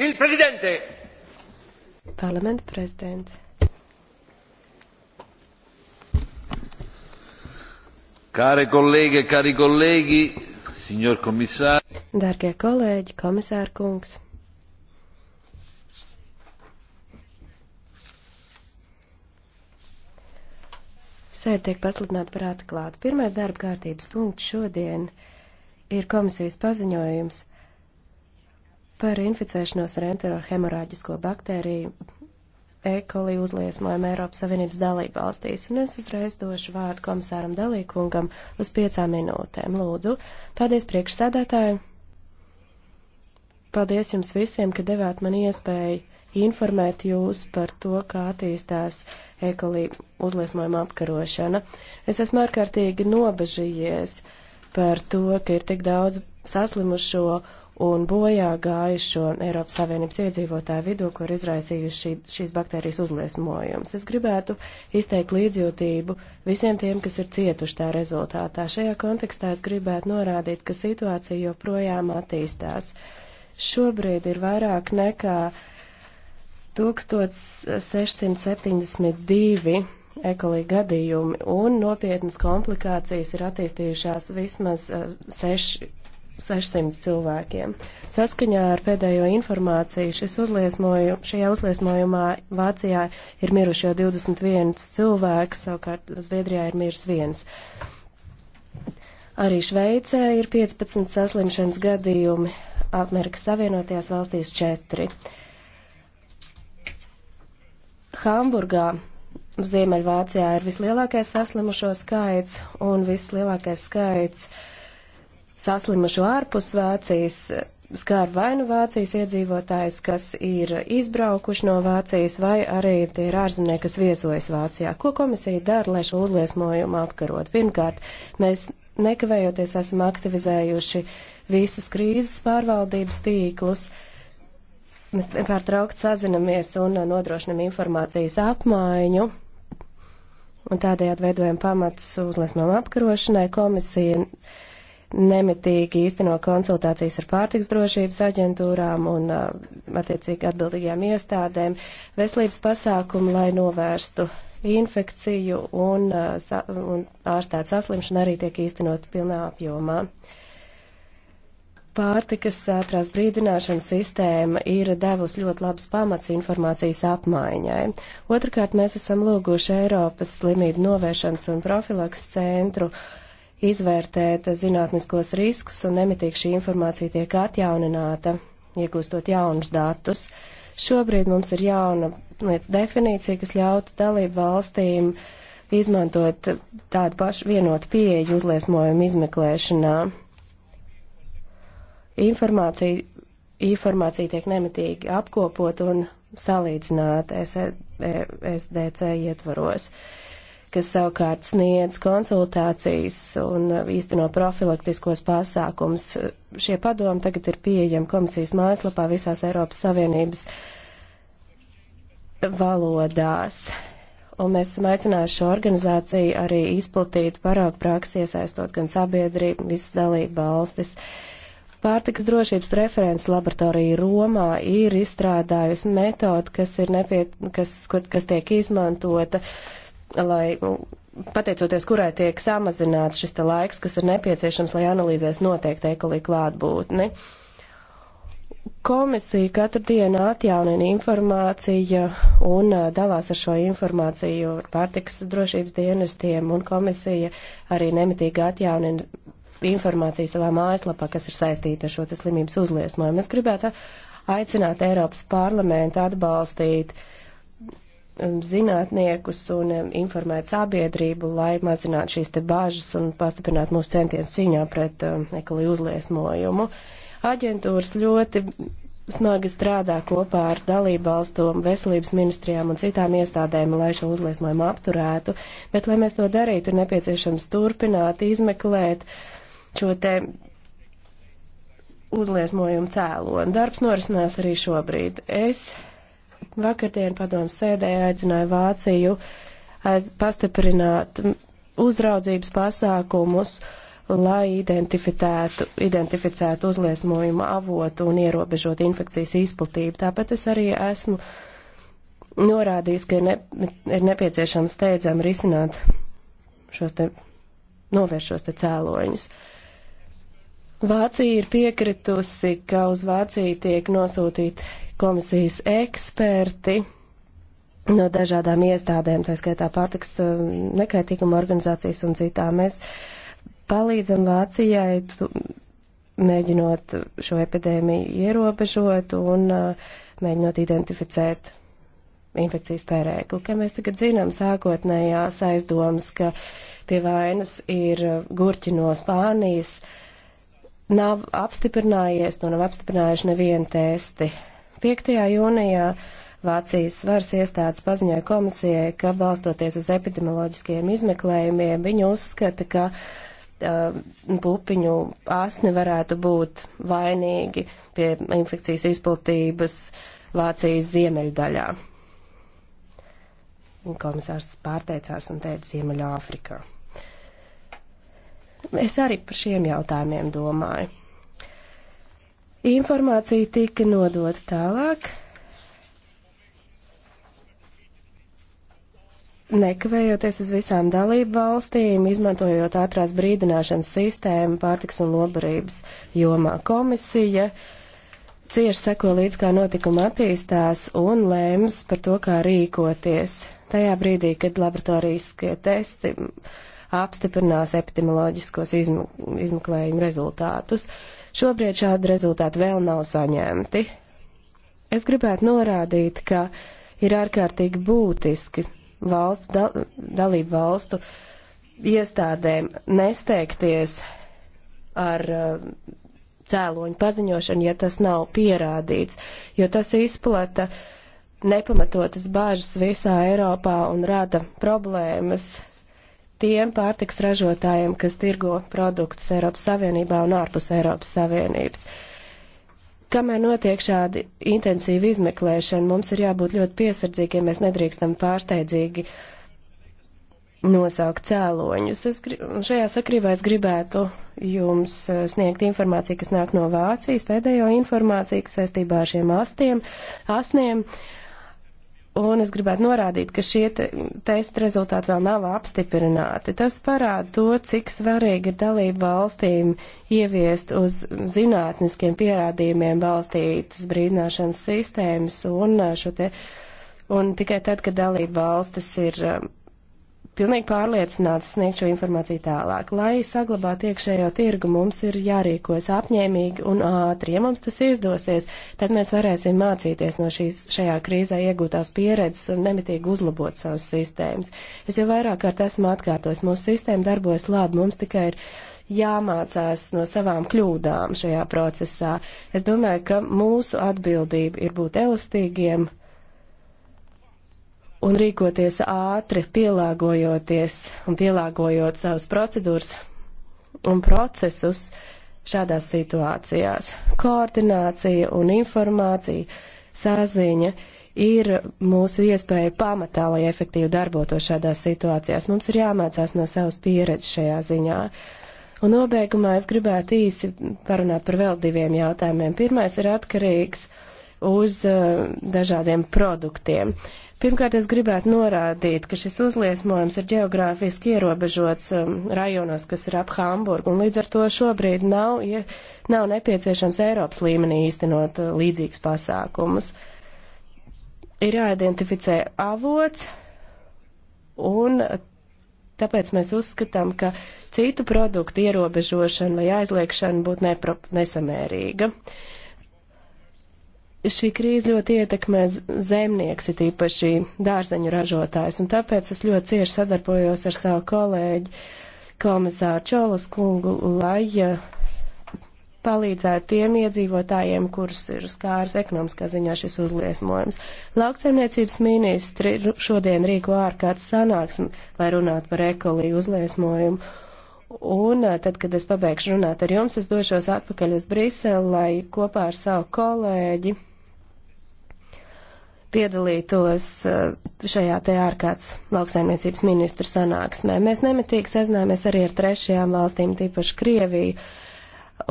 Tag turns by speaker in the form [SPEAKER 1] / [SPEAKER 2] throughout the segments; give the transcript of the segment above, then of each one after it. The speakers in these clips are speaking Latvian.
[SPEAKER 1] Il Presidente!
[SPEAKER 2] Parlamenta prezidents.
[SPEAKER 1] Kāre kolēģe, kāri e kolēģi, signor komisāri.
[SPEAKER 2] Dargie kolēģi, komisāra kungs. Sēde tiek pasludināta par atklātu. Pirmais darba kārtības punkts šodien ir komisijas paziņojums par inficēšanos ar enterohemorāģisko baktēriju ekoli uzliesmojumu Eiropas Savienības dalību valstīs, un es uzreiz došu vārdu komisāram Dalīkungam uz piecām minūtēm. Lūdzu, paldies priekšsēdētāju! Paldies jums visiem, ka devāt man iespēju informēt jūs par to, kā attīstās ekoli uzliesmojuma apkarošana. Es esmu ārkārtīgi nobežījies par to, ka ir tik daudz saslimušo un bojā gājušo Eiropas Savienības iedzīvotāju vidū, kur izraisījuši šī, šīs baktērijas uzliesmojums. Es gribētu izteikt līdzjūtību visiem tiem, kas ir cietuši tā rezultātā. Šajā kontekstā es gribētu norādīt, ka situācija joprojām attīstās. Šobrīd ir vairāk nekā 1672 ekolī gadījumi, un nopietnas komplikācijas ir attīstījušās vismaz uh, seši 600 cilvēkiem. Saskaņā ar pēdējo informāciju šis uzliesmoju, šajā uzliesmojumā Vācijā ir miruši jau 21 cilvēki, savukārt Zviedrijā ir miris viens. Arī Šveicē ir 15 saslimšanas gadījumi, Amerikas Savienotajās valstīs 4. Hamburgā Ziemeļvācijā ir vislielākais saslimušo skaits un vislielākais skaits uh, saslimušo ārpus Vācijas skār vai nu Vācijas iedzīvotājus, kas ir izbraukuši no Vācijas, vai arī tie ir ārzemnieki, kas viesojas Vācijā. Ko komisija dara, lai šo uzliesmojumu apkarot? Pirmkārt, mēs nekavējoties esam aktivizējuši visus krīzes pārvaldības tīklus. Mēs nepārtraukt sazinamies un nodrošinam informācijas apmaiņu. Un tādējādi veidojam pamatus uzliesmām apkarošanai. Komisija nemitīgi īsteno konsultācijas ar pārtiks drošības aģentūrām un attiecīgi atbildīgajām iestādēm, veselības pasākumu, lai novērstu infekciju un, un ārstēt saslimšanu arī tiek īstenot pilnā apjomā. Pārtikas ātrās brīdināšanas sistēma ir devusi ļoti labs pamats informācijas apmaiņai. Otrakārt, mēs esam lūguši Eiropas slimību novēršanas un profilaks centru uh, izvērtēt zinātniskos riskus un nemitīgi šī informācija tiek atjaunināta, iegūstot jaunus datus. Šobrīd mums ir jauna lietas definīcija, kas ļautu dalību valstīm izmantot tādu pašu vienotu pieeju uzliesmojumu izmeklēšanā. Informācija, informācija tiek nemitīgi apkopot un salīdzināt SDC e, e ietvaros. Uh, kas savukārt sniedz konsultācijas un uh, īsteno profilaktiskos pasākums. Šie padomi tagad ir pieejami komisijas mājaslapā visās Eiropas Savienības valodās. Un mēs esam aicinājuši šo organizāciju arī izplatīt paraugu praksi, iesaistot gan sabiedrību, visas dalību valstis. Pārtikas drošības referents laboratorija Romā ir izstrādājusi metodu, kas, ir nepiet, kas, kas tiek izmantota uh, lai, pateicoties kurai tiek samazināts šis te laiks, kas ir nepieciešams, lai analīzēs noteikti ekolī klātbūtni. Komisija katru dienu atjaunina informāciju un dalās ar šo informāciju ar pārtikas drošības dienestiem, un komisija arī nemitīgi atjaunina informāciju savā mājaslapā, kas ir saistīta ar šo slimības uzliesmojumu. Es gribētu aicināt Eiropas parlamentu atbalstīt uh, Um, zinātniekus un um, informēt sabiedrību, lai mazinātu šīs te bāžas un pastiprinātu mūsu centienus cīņā pret um, ekoloģiju uzliesmojumu. Aģentūras ļoti smagi strādā kopā ar dalībvalstom, veselības ministrijām un citām iestādēm, lai šo uzliesmojumu apturētu, bet, lai mēs to darītu, ir nepieciešams turpināt, izmeklēt šo te uzliesmojumu cēloni. Darbs norisinās arī šobrīd. Es Vakardien padomu sēdē aicināja Vāciju aiz pastiprināt uzraudzības pasākumus, lai identificētu, identificētu uzliesmojumu avotu un ierobežot infekcijas izplatību. Tāpēc es arī esmu norādījis, ka ir, ne, ir nepieciešams steidzami risināt šos te, novērst šos te cēloņus. Vācija ir piekritusi, ka uz Vāciju tiek nosūtīti komisijas eksperti no dažādām iestādēm, tā skaitā pārtiks eh, nekaitīguma organizācijas un citām. Mēs palīdzam Vācijai, tu, mēģinot šo epidēmiju ierobežot un uh, mēģinot identificēt infekcijas pērēklu, ka mēs tagad zinām sākotnējās aizdomas, ka pie vainas ir gurķi no Spānijas, nav apstiprinājies, to nav apstiprinājuši nevienu testi. Uh, 5. jūnijā Vācijas varas iestādes paziņoja komisijai, ka balstoties uz epidemioloģiskiem izmeklējumiem, viņi uzskata, ka uh, pupiņu asni varētu būt vainīgi pie infekcijas izplatības Vācijas ziemeļdaļā. Komisārs pārteicās un teica Ziemeļāfrikā. Es arī par šiem jautājumiem domāju. Informācija tika nodota tālāk, nekavējoties uz visām dalību valstīm, izmantojot ātrās brīdināšanas sistēmu pārtiks un lobarības jomā. Komisija cieši seko līdz, kā notikuma attīstās un lēms par to, kā rīkoties. Tajā brīdī, kad laboratorijas testi apstiprinās epidemioloģiskos izm izmeklējumu rezultātus, uh, Šobrīd šādi rezultāti vēl nav saņemti. Es gribētu norādīt, ka ir ārkārtīgi būtiski valstu, dal, dalību valstu iestādēm nesteigties ar eh, cēloņu paziņošanu, ja tas nav pierādīts, jo tas izplata nepamatotas bāžas visā Eiropā un rada problēmas tiem pārtiks ražotājiem, kas tirgo produktus Eiropas Savienībā un ārpus Eiropas Savienības. Kamēr notiek šādi intensīvi izmeklēšana, mums ir jābūt ļoti piesardzīgiem, ja mēs nedrīkstam pārsteidzīgi nosaukt cēloņus. Es, šajā sakrībā es gribētu jums eh, sniegt informāciju, kas nāk no Vācijas, pēdējo informāciju, kas saistībā ar šiem astiem, asniem. asniem Un es gribētu norādīt, ka šie te testa rezultāti vēl nav apstiprināti. Tas parāda to, cik svarīgi ir dalību valstīm ieviest uz zinātniskiem pierādījumiem balstītas brīdināšanas sistēmas un šo te. Un tikai tad, kad dalība valstis ir pilnīgi pārliecināts sniegt šo informāciju tālāk. Lai saglabātu iekšējo tirgu, mums ir jārīkojas apņēmīgi un ātri. Ja mums tas izdosies, tad mēs varēsim mācīties no šīs, šajā krīzē iegūtās pieredzes un nemitīgi uzlabot savas sistēmas. Es jau vairāk kārt esmu atkārtojis, mūsu sistēma darbojas labi, mums tikai ir jāmācās no savām kļūdām šajā procesā. Es domāju, ka mūsu atbildība ir būt elastīgiem, un rīkoties ātri, pielāgojoties un pielāgojot savas procedūras un procesus šādās situācijās. Koordinācija un informācija, saziņa ir mūsu iespēja pamatā, lai efektīvi darbotos šādās situācijās. Mums ir jāmācās no savas pieredzes šajā ziņā. Un nobeigumā es gribētu īsi parunāt par vēl diviem jautājumiem. Pirmais ir atkarīgs uz uh, dažādiem produktiem. Uh, Pirmkārt, es gribētu norādīt, ka šis uzliesmojums ir geogrāfiski ierobežots um, rajonos, kas ir ap Hamburgu, un līdz ar to šobrīd nav, ja, nav nepieciešams Eiropas līmenī īstenot uh, līdzīgus pasākumus. Ir jāidentificē avots, un tāpēc mēs uzskatām, ka citu produktu ierobežošana vai aizliekšana būtu nesamērīga. Uh, šī krīze ļoti ietekmē zemnieks, it īpaši dārzeņu ražotājs, un tāpēc es ļoti cieši sadarbojos ar savu kolēģi komisāru Čolas kungu, lai palīdzētu tiem iedzīvotājiem, kurus ir skāris ekonomiskā ziņā šis uzliesmojums. Lauksaimniecības ministri šodien rīko ārkārtas sanāksmi, lai runātu par ekoliju uzliesmojumu. Un tad, kad es pabeigšu runāt ar jums, es došos atpakaļ uz Briseli, lai kopā ar savu kolēģi piedalītos eh, šajā te ārkārtas lauksaimniecības ministru sanāksmē. Mēs nemitīgi sazinājāmies arī ar trešajām valstīm, tīpaši Krieviju,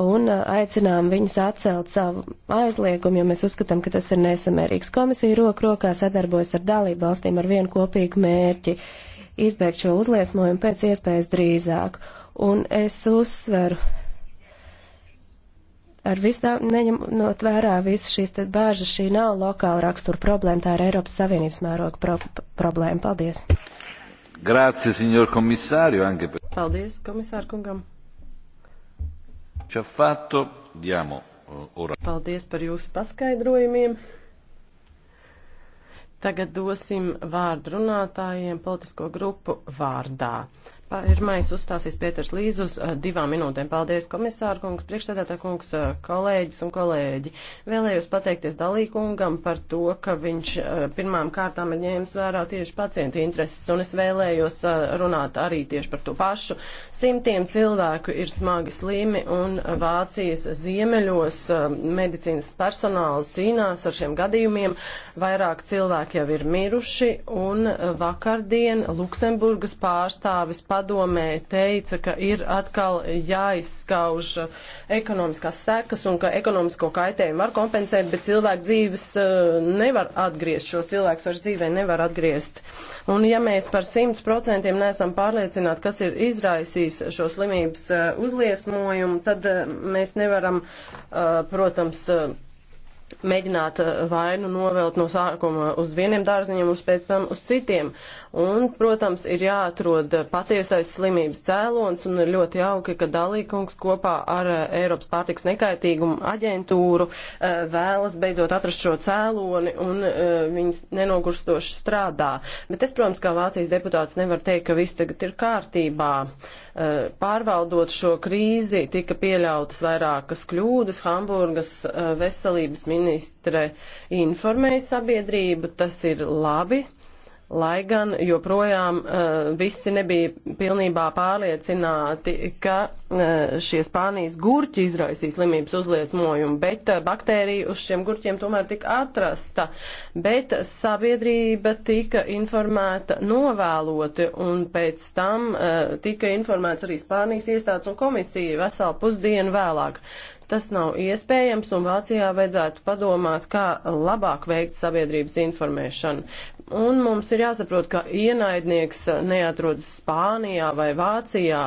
[SPEAKER 2] un eh, aicinām viņus atcelt savu aizliegumu, jo mēs uzskatām, ka tas ir nesamērīgs. Komisija roku rokā sadarbojas ar dalību valstīm ar vienu kopīgu mērķi - izbēgt šo uzliesmojumu pēc iespējas drīzāk. Un es uzsveru ar visām, neņemot vērā visas šīs te bāžas, šī nav lokāla rakstura problēma, tā ir Eiropas Savienības mēroga pro
[SPEAKER 1] problēma. Paldies! Grāci, signor komisārio, anche per... Paldies, komisāru kungam! Čia fatto, diamo, eh, ora. Paldies par jūsu paskaidrojumiem. Tagad dosim vārdu runātājiem politisko grupu vārdā. Pirmais uzstāsies Pēters Līz uz eh, divām minūtēm. Paldies, komisāra kungs, priekšsēdētā kungs, eh, kolēģis un kolēģi. Vēlējos pateikties dalīkungam par to, ka viņš eh, pirmām kārtām ir ņēmis vērā tieši pacientu intereses, un es vēlējos runāt arī tieši par to pašu. Simtiem cilvēku ir smagi slimi, un Vācijas ziemeļos medicīnas personāls cīnās ar šiem gadījumiem. Vairāk cilvēki jau ir miruši, un vakardien Luksemburgas pārstāvis. Pār padomē teica, ka ir atkal jāizskauž ekonomiskās sekas un ka ekonomisko kaitējumu var kompensēt, bet cilvēku dzīves eh, nevar atgriezt, šo cilvēku vairs dzīvē nevar atgriezt. Un ja mēs par 100% neesam pārliecināti, kas ir izraisījis šo slimības eh, uzliesmojumu, tad eh, mēs nevaram, protams, mēģināt eh, vainu novelt no sākuma uz vieniem dārziņiem, uz pēc tam uz citiem. Un, protams, ir jāatrod patiesais slimības cēlons un ir ļoti jauki, ka dalīkungs kopā ar eh, Eiropas pārtiks nekaitīgumu aģentūru eh, vēlas beidzot atrast šo cēloni un viņas nenogurstoši strādā. Bet es, protams, kā Vācijas deputāts nevaru teikt, ka viss tagad ir kārtībā. Pārvaldot šo krīzi tika pieļautas vairākas kļūdas Hamburgas veselības ministrijas ministre informēja sabiedrību, tas ir labi, lai gan joprojām uh, visi nebija pilnībā pārliecināti, ka uh, šie Spānijas gurķi izraisīs slimības uzliesmojumu, bet uh, baktērija uz šiem gurķiem tomēr tika atrasta, bet sabiedrība tika informēta novēloti un pēc tam uh, tika informēts arī Spānijas iestādes un komisija veselu pusdienu vēlāk tas nav iespējams, un Vācijā vajadzētu padomāt, kā labāk veikt sabiedrības informēšanu. Un mums ir jāsaprot, ka ienaidnieks neatrodas Spānijā vai Vācijā.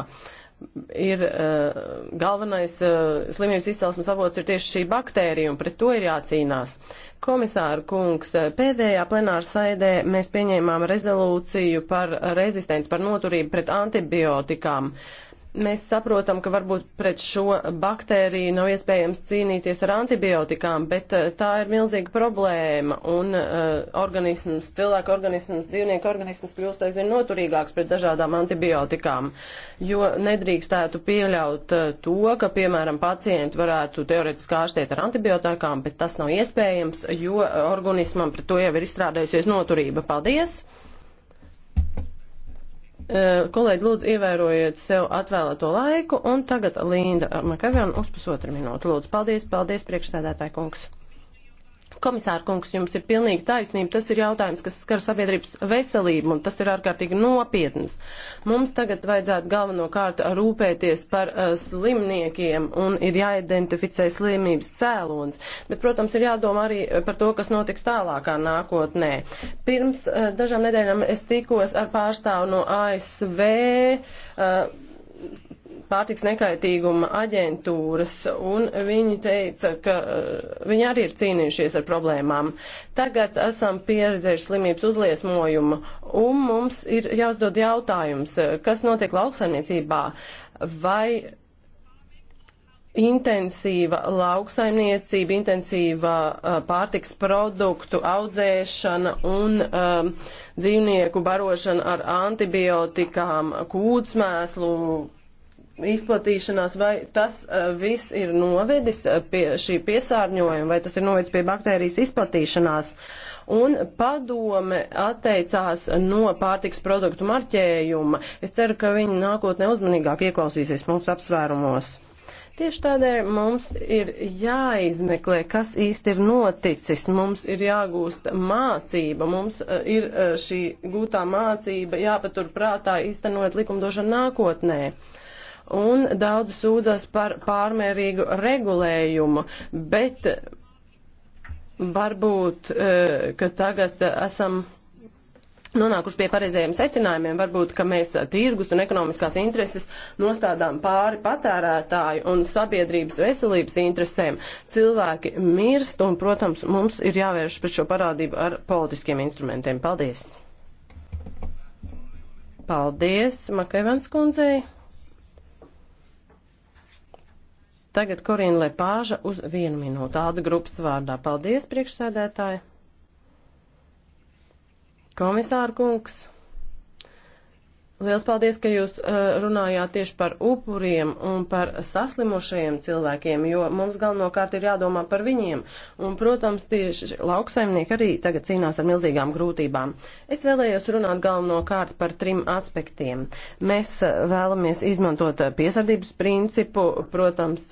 [SPEAKER 1] Ir uh, galvenais uh, slimības izcelsmes avots ir tieši šī baktērija, un pret to ir jācīnās. Komisāra kungs, eh, pēdējā plenāra saidē mēs pieņēmām rezolūciju par rezistenci, par noturību pret antibiotikām. Uh, Mēs saprotam, ka varbūt pret šo baktēriju nav iespējams cīnīties ar antibiotikām, bet eh, tā ir milzīga problēma un uh, organisms, cilvēka organisms, dzīvnieka organisms kļūst aizvien noturīgāks pret dažādām antibiotikām, jo nedrīkstētu pieļaut uh, to, ka, piemēram, pacienti varētu teoretiski ārstēt ar antibiotikām, bet tas nav iespējams, jo organismam pret to jau ir izstrādājusies noturība. Paldies! Eh, kolēģi, lūdzu, ievērojiet sev atvēlēto laiku, un tagad Linda Makavena uz pusotru minūtu. Lūdzu, paldies, paldies, priekšsēdētāji kungs. Komisāra kungs, jums ir pilnīgi taisnība. Tas ir jautājums, kas skar sabiedrības veselību, un tas ir ārkārtīgi nopietnas. Mums tagad vajadzētu galvenokārt rūpēties par uh, slimniekiem un ir jāidentificē slimības cēlons. Bet, protams, ir jādomā arī par to, kas notiks tālākā nākotnē. Pirms uh, dažām nedēļām es tikos ar pārstāvu no ASV. Uh, pārtiks nekaitīguma aģentūras, un viņi teica, ka eh, viņi arī ir cīnījušies ar problēmām. Tagad esam pieredzējuši slimības uzliesmojumu, un mums ir jāuzdod jautājums, eh, kas notiek lauksaimniecībā, vai intensīva lauksaimniecība, intensīva uh, pārtiks produktu audzēšana un um, dzīvnieku barošana ar antibiotikām, kūtsmēslu, izplatīšanās, vai tas uh, viss ir novedis eh, pie šī piesārņojuma, vai tas ir novedis pie baktērijas izplatīšanās. Un padome atteicās no pārtiks produktu marķējuma. Es ceru, ka viņi nākotnē uzmanīgāk ieklausīsies mūsu apsvērumos. Tieši tādēļ mums ir jāizmeklē, kas īsti ir noticis, mums ir jāgūst mācība, mums eh, ir šī gūtā mācība jāpatur prātā īstenot likumdošanu nākotnē. Uh, un daudz sūdzas par pārmērīgu regulējumu, bet varbūt, e, ka tagad esam nonākuši pie pareizajiem secinājumiem, varbūt, ka mēs tirgus un ekonomiskās intereses nostādām pāri patērētāju un sabiedrības veselības interesēm. Cilvēki mirst un, protams, mums ir jāvērš pret šo parādību ar politiskiem instrumentiem. Paldies! Paldies, Makaivans kundzei! Tagad Korīna Lepāža uz vienu minūtu. Tāda grupas vārdā. Paldies, priekšsēdētāji. Komisāra kungs. Liels paldies, ka jūs uh, runājāt tieši par upuriem un par saslimušajiem cilvēkiem, jo mums galvenokārt ir jādomā par viņiem. Un, protams, tieši lauksaimnieki arī tagad cīnās ar milzīgām grūtībām. Es vēlējos runāt galvenokārt par trim aspektiem. Mēs uh, vēlamies izmantot uh, piesardības principu, protams,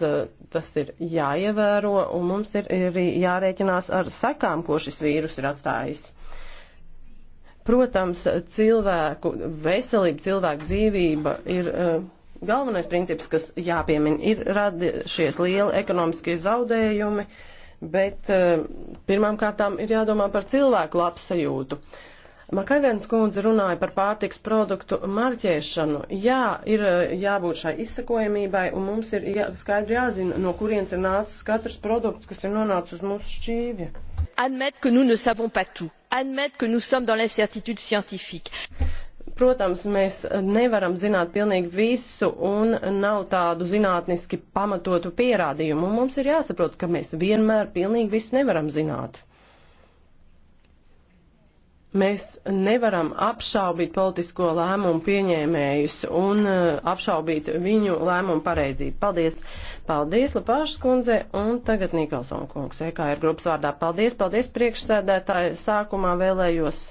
[SPEAKER 1] tas ir jāievēro, un mums ir arī jārēķinās ar sekām, ko šis vīrus ir atstājis. Protams, cilvēku veselība, cilvēku dzīvība ir uh, galvenais princips, kas jāpiemina. Ir radušies lieli ekonomiskie zaudējumi, bet uh, pirmām kārtām ir jādomā par cilvēku labsajūtu. Makaivens kundze runāja par pārtiks produktu marķēšanu. Jā, ir eh, jābūt šai izsakojamībai, un mums ir jā, skaidri jāzina, no kurienes ir nācis katrs produkts, kas ir nonācis uz mūsu šķīvja admettre que nous ne savons pas tout admettre que nous sommes dans l'incertitude scientifique protams, mēs nevaram zināt pilnīgi visu un nav tādu zinātniski pamatotu pierādījumu. Mums ir jāsaprot, ka mēs vienmēr pilnīgi visu nevaram zināt. Mēs nevaram apšaubīt politisko lēmumu pieņēmējus un uh, apšaubīt viņu lēmumu pareizību. Paldies! Paldies, Lapāšas kundze, un tagad Nikolson kungs, EKR grupas vārdā. Paldies, paldies priekšsēdētāji. Sākumā vēlējos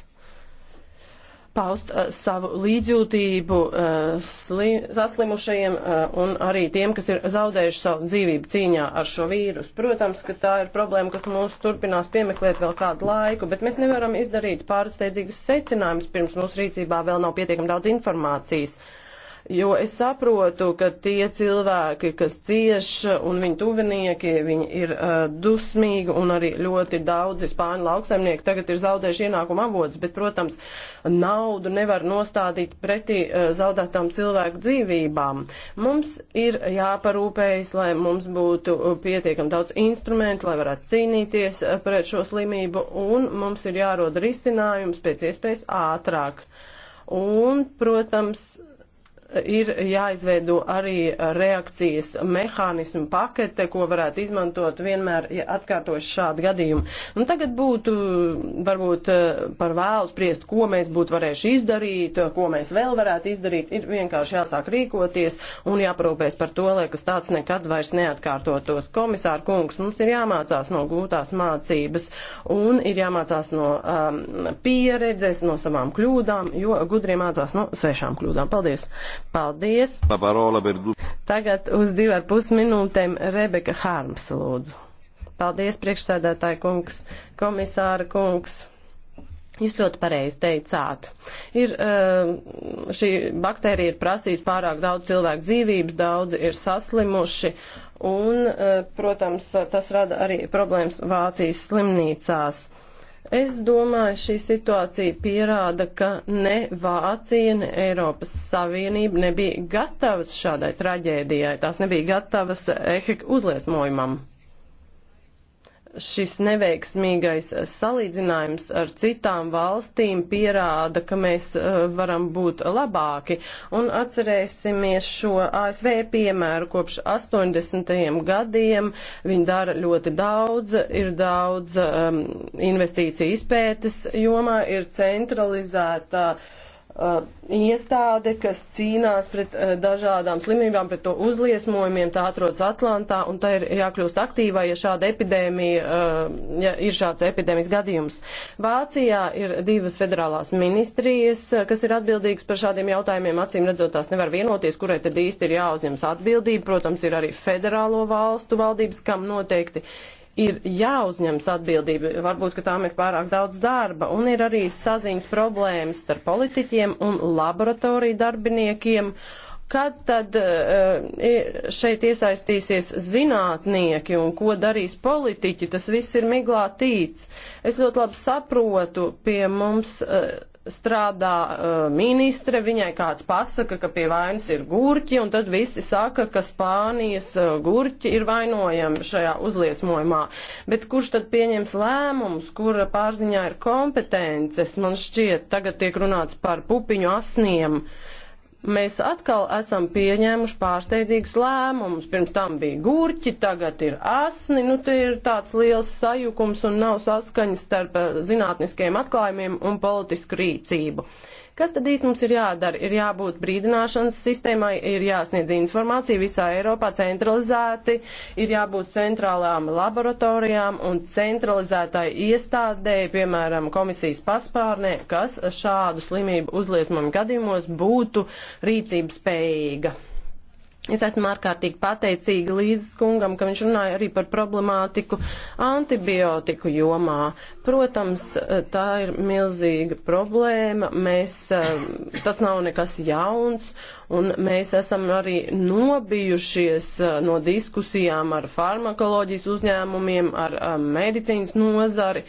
[SPEAKER 1] paust uh, savu līdzjūtību uh, sli, saslimušajiem uh, un arī tiem, kas ir zaudējuši savu dzīvību cīņā ar šo vīrusu. Protams, ka tā ir problēma, kas mūs turpinās piemeklēt vēl kādu laiku, bet mēs nevaram izdarīt pārsteidzīgus secinājumus, pirms mūsu rīcībā vēl nav pietiekami daudz informācijas. Uh, jo es saprotu, ka tie cilvēki, kas cieš un viņu tuvinieki, viņi ir uh, dusmīgi un arī ļoti daudzi spāņu lauksaimnieki tagad ir zaudējuši ienākumu avots, bet, protams, naudu nevar nostādīt pretī uh, zaudētām cilvēku dzīvībām. Mums ir jāparūpējas, lai mums būtu uh, pietiekam daudz instrumentu, lai varētu cīnīties uh, pret šo slimību un mums ir jāroda risinājums pēc iespējas ātrāk. Un, protams, ir jāizveido arī reakcijas mehānismu pakete, ko varētu izmantot vienmēr, ja atkārtos šādi gadījumi. Nu, tagad būtu varbūt par vēlu spriest, ko mēs būtu varējuši izdarīt, ko mēs vēl varētu izdarīt. Ir vienkārši jāsāk rīkoties un jāprūpēs par to, lai kas tāds nekad vairs neatkārtotos. Komisāra kungs, mums ir jāmācās no gūtās mācības un ir jāmācās no um, pieredzes, no savām kļūdām, jo gudrie mācās no svešām kļūdām. Paldies! Paldies! Tagad uz divu ar pus minūtēm Rebeka Hārms lūdzu. Paldies, priekšsēdētāja kungs, komisāra kungs. Jūs ļoti pareizi teicāt. Ir, eh, šī baktērija ir prasījusi pārāk daudz cilvēku dzīvības, daudzi ir saslimuši, un, eh, protams, tas rada arī problēmas Vācijas slimnīcās. Es domāju, šī situācija pierāda, ka ne Vācija, ne Eiropas Savienība nebija gatavas šādai traģēdijai. Tās nebija gatavas Eheka uzliesmojumam šis neveiksmīgais eh, salīdzinājums ar citām valstīm pierāda, ka mēs eh, varam būt labāki. Un atcerēsimies šo ASV piemēru kopš 80. gadiem. Viņi dara ļoti daudz, ir daudz um, investīciju izpētes jomā, ir centralizēta. Uh, Uh, iestāde, kas cīnās pret uh, dažādām slimībām, pret to uzliesmojumiem, tā atrodas Atlantā, un tā ir jākļūst aktīvā, ja šāda epidēmija, uh, ja ir šāds epidēmijas gadījums. Vācijā ir divas federālās ministrijas, kas ir atbildīgas par šādiem jautājumiem, acīm redzot, tās nevar vienoties, kurai tad īsti ir jāuzņems atbildība. Protams, ir arī federālo valstu valdības, kam noteikti ir jāuzņems atbildība. Varbūt, ka tām ir pārāk daudz darba, un ir arī saziņas problēmas starp politiķiem un laboratoriju darbiniekiem. Kad tad eh, šeit iesaistīsies zinātnieki un ko darīs politiķi, tas viss ir miglā tīts. Es ļoti labi saprotu, pie mums eh, strādā uh, ministre, viņai kāds pasaka, ka pie vainas ir gurķi, un tad visi saka, ka Spānijas uh, gurķi ir vainojami šajā uzliesmojumā. Bet kurš tad pieņems lēmumus, kura pārziņā ir kompetences? Man šķiet, tagad tiek runāts par pupiņu asniem. Uh, mēs atkal esam pieņēmuši pārsteidzīgus lēmumus. Pirms tam bija gurķi, tagad ir asni, nu te ir tāds liels sajukums un nav saskaņas starp eh, zinātniskiem atklājumiem un politisku rīcību. Kas tad īsti mums ir jādara? Ir jābūt brīdināšanas sistēmai, ir jāsniedz informācija visā Eiropā centralizēti, ir jābūt centrālām laboratorijām un centralizētai iestādē, piemēram, komisijas paspārnē, kas šādu slimību uzliesmumu gadījumos būtu rīcības spējīga. Es esmu ārkārtīgi pateicīga Līzes kungam, ka viņš runāja arī par problemātiku antibiotiku jomā. Protams, tā ir milzīga problēma, mēs, eh, tas nav nekas jauns, un mēs esam arī nobijušies eh, no diskusijām ar farmakoloģijas uzņēmumiem, ar eh, medicīnas nozari,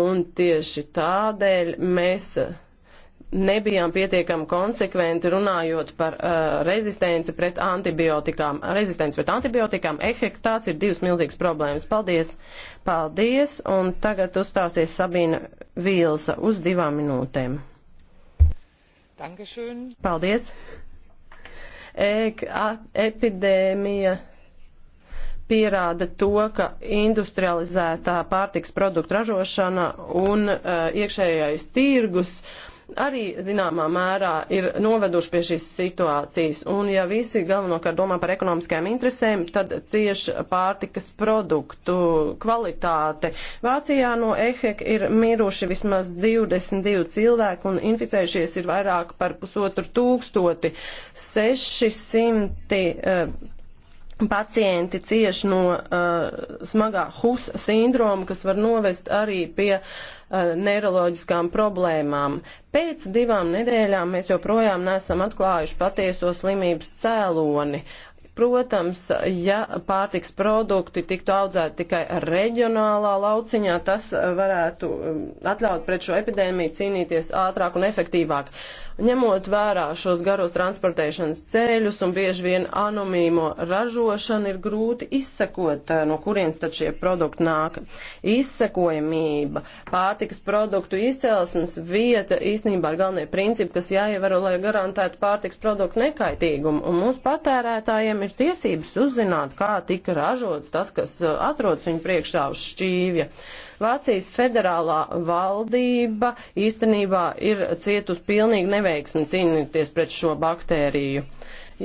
[SPEAKER 1] un tieši tādēļ mēs nebijām pietiekami konsekventi runājot par uh, rezistenci pret antibiotikām. Rezistence pret antibiotikām, ehek, tās ir divas milzīgas problēmas. Paldies! Paldies! Un tagad uzstāsies Sabīna Vīlsa uz divām minūtēm. Dankeschön. Paldies! Ek, a, epidēmija pierāda to, ka industrializētā pārtiks produktu ražošana un uh, iekšējais tirgus uh, arī zināmā mērā ir noveduši pie šīs situācijas. Un ja visi galvenokārt domā par ekonomiskajām interesēm, tad cieši pārtikas produktu kvalitāte. Vācijā no EHEK ir miruši vismaz 22 cilvēki un inficējušies ir vairāk par pusotru tūkstoti. 600. Uh, pacienti cieš no uh, smagā HUS sindroma, kas var novest arī pie uh, neiroloģiskām problēmām. Pēc divām nedēļām mēs joprojām nesam atklājuši patieso slimības cēloni. Protams, ja pārtiks produkti tiktu audzēti tikai reģionālā lauciņā, tas varētu um, atļaut pret šo epidēmiju cīnīties ātrāk un efektīvāk. Uh, Ņemot vērā šos garos transportēšanas ceļus un bieži vien anonīmo ražošanu, ir grūti izsekot, eh, no kurienes tad šie produkti nāk. Izsekojamība, pārtikas produktu izcelsmes vieta īstenībā ir galvenie principi, kas jāievēro, lai garantētu pārtikas produktu nekaitīgumu. Un mūsu patērētājiem ir tiesības uzzināt, kā tika ražots tas, kas eh, atrodas viņu priekšā uz šķīvja. Uh, Vācijas federālā valdība īstenībā ir cietusi pilnīgi neveiksmi cīnīties pret šo baktēriju.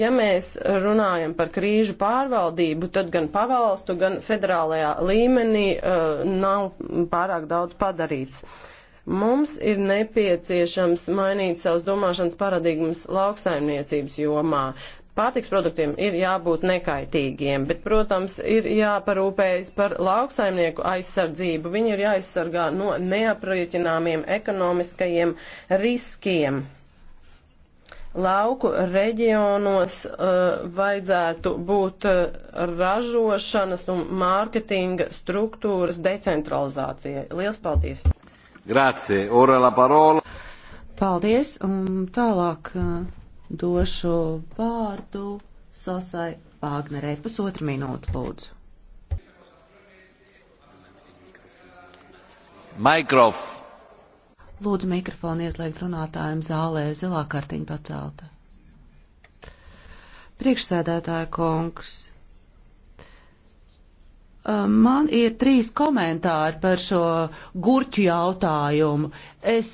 [SPEAKER 1] Ja mēs runājam par krīžu pārvaldību, tad gan pavalstu, gan federālajā līmenī uh, nav pārāk daudz padarīts. Mums ir nepieciešams mainīt savus domāšanas paradigmas lauksaimniecības jomā. Pārtiks produktiem ir jābūt nekaitīgiem, bet, protams, ir jāparūpējas par lauksaimnieku aizsardzību. Viņi ir jāaizsargā no neaprieķināmiem ekonomiskajiem riskiem. Lauku reģionos uh, vajadzētu būt uh, ražošanas un mārketinga struktūras decentralizācijai.
[SPEAKER 3] Lielas paldies!
[SPEAKER 2] Grazie! Ora la parola!
[SPEAKER 3] Paldies! Un tālāk. Uh došu vārdu Sosai Vāgnerei. Pusotru minūtu, lūdzu. Mikrof. Lūdzu, mikrofonu ieslēgt runātājiem zālē, zilā kartiņa pacelta. Priekšsēdētāja kungs. Man ir trīs komentāri par šo gurķu jautājumu. Es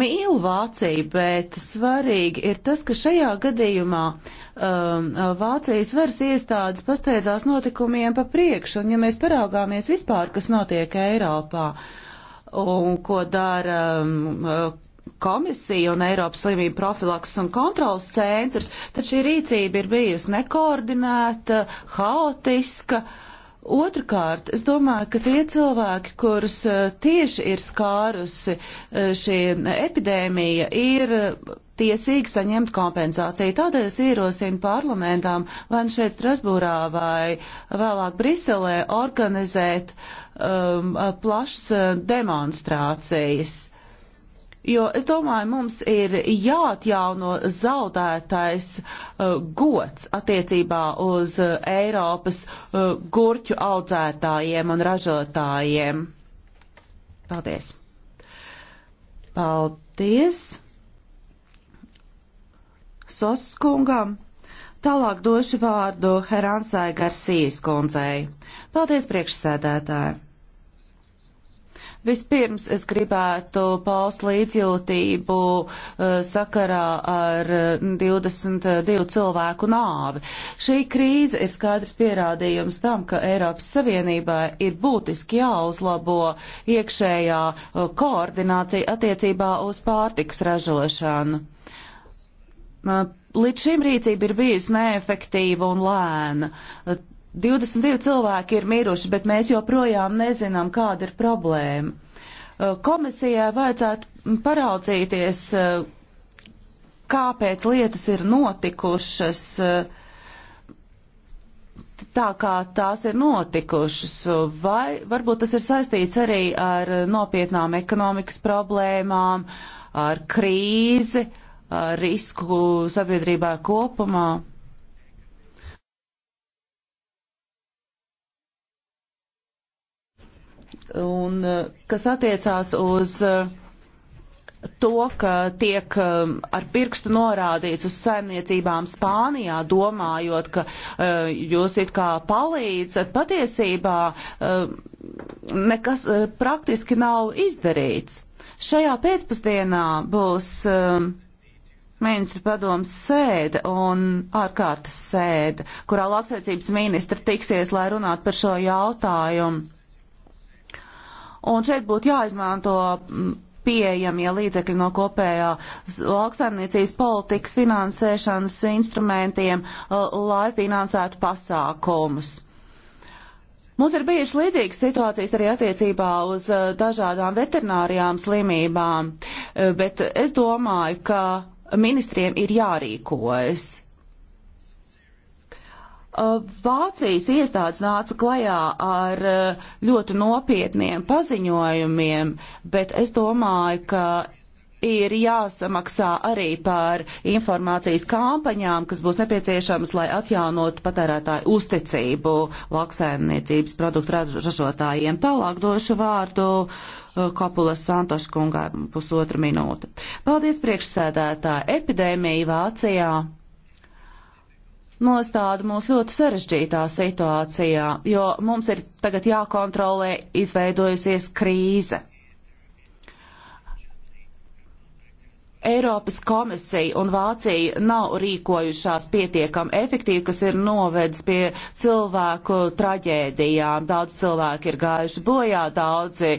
[SPEAKER 3] mīlu Vāciju, bet svarīgi ir tas, ka šajā gadījumā um, Vācijas varas iestādes pasteidzās notikumiem pa priekšu, un ja mēs paraugāmies vispār, kas notiek Eiropā un ko dara um, komisija un Eiropas slimību profilaks un kontrols centrs, tad šī rīcība ir bijusi nekoordinēta, haotiska. Uh, Otrakārt, es domāju, ka tie cilvēki, kurus eh, tieši ir skārusi eh, šī epidēmija, ir eh, tiesīgi saņemt kompensāciju. Tādēļ es ierosinu parlamentām vai nu šeit Strasbūrā vai vēlāk Briselē organizēt um, plašas demonstrācijas Jo es domāju, mums ir jāatjauno zaudētais uh, gods attiecībā uz uh, Eiropas uh, gurķu audzētājiem un ražotājiem. Paldies! Paldies! Soskungam! Tālāk došu vārdu Heransai Garsijas kundzei. Paldies priekšsēdētāji! Vispirms es gribētu paust līdzjūtību eh, sakarā ar 22 eh, cilvēku nāvi. Šī krīze ir skaidrs pierādījums tam, ka Eiropas Savienībā ir būtiski jāuzlabo iekšējā eh, koordinācija attiecībā uz pārtiks ražošanu. Līdz šim rīcība ir bijusi neefektīva un lēna. 22 cilvēki ir miruši, bet mēs joprojām nezinām, kāda ir problēma. Eh, komisijai vajadzētu paraudzīties, eh, kāpēc lietas ir notikušas eh, tā, kā tās ir notikušas, vai varbūt tas ir saistīts arī ar nopietnām ekonomikas problēmām, ar krīzi, ar risku sabiedrībā kopumā. Un eh, kas attiecās uz eh, to, ka tiek eh, ar pirkstu norādīts uz saimniecībām Spānijā, domājot, ka jūs it kā palīdzat, patiesībā nekas praktiski nav izdarīts. Šajā pēcpusdienā būs ministru padomas sēde un ārkārtas sēde, kurā lauksaicības ministra tiksies, lai runātu par šo jautājumu. Un šeit būtu jāizmanto mm, pieejamie līdzekļi no kopējā lauksaimniecības politikas finansēšanas instrumentiem, lai finansētu pasākumus. Mums ir bijušas līdzīgas situācijas arī attiecībā uz dažādām veterinārijām slimībām, bet es domāju, ka ministriem ir jārīkojas. Eh, Vācijas iestādes nāca klajā ar eh, ļoti nopietniem paziņojumiem, bet es domāju, ka ir jāsamaksā arī par informācijas kampaņām, kas būs nepieciešamas, lai atjaunotu patērētāju uzticību lauksaimniecības produktu ražotājiem. Tālāk došu vārdu eh, Kapulas Santoškungai pusotra minūte. Paldies priekšsēdētāji. Epidēmija Vācijā nostāda mūs ļoti sarežģītā situācijā, jo mums ir tagad jākontrolē izveidojusies krīze. Eiropas komisija un Vācija nav rīkojušās pietiekam efektīvi, kas ir novedis pie cilvēku traģēdijām. Daudz cilvēki ir gājuši bojā, daudzi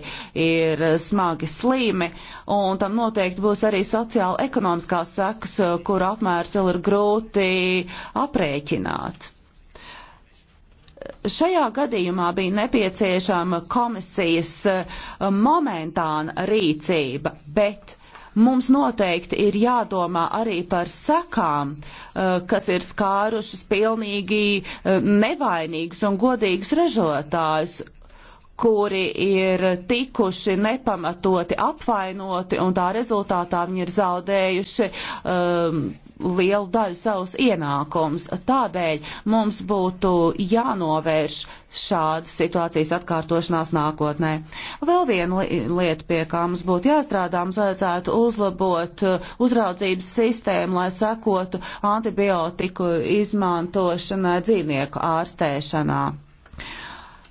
[SPEAKER 3] ir smagi slīmi, un tam noteikti būs arī sociāli ekonomiskās sekas, kur apmērs vēl ir grūti aprēķināt. Šajā gadījumā bija nepieciešama komisijas momentāna rīcība, bet Mums noteikti ir jādomā arī par sekām, eh, kas ir skārušas pilnīgi eh, nevainīgus un godīgus ražotājus kuri ir tikuši nepamatoti apvainoti, un tā rezultātā viņi ir zaudējuši um, lielu daļu savus ienākumus. Tādēļ mums būtu jānovērš šādas situācijas atkārtošanās nākotnē. Vēl viena lieta, pie kā mums būtu jāstrādā, mums vajadzētu uzlabot uh, uzraudzības sistēmu, lai sekotu antibiotiku izmantošanai dzīvnieku ārstēšanā.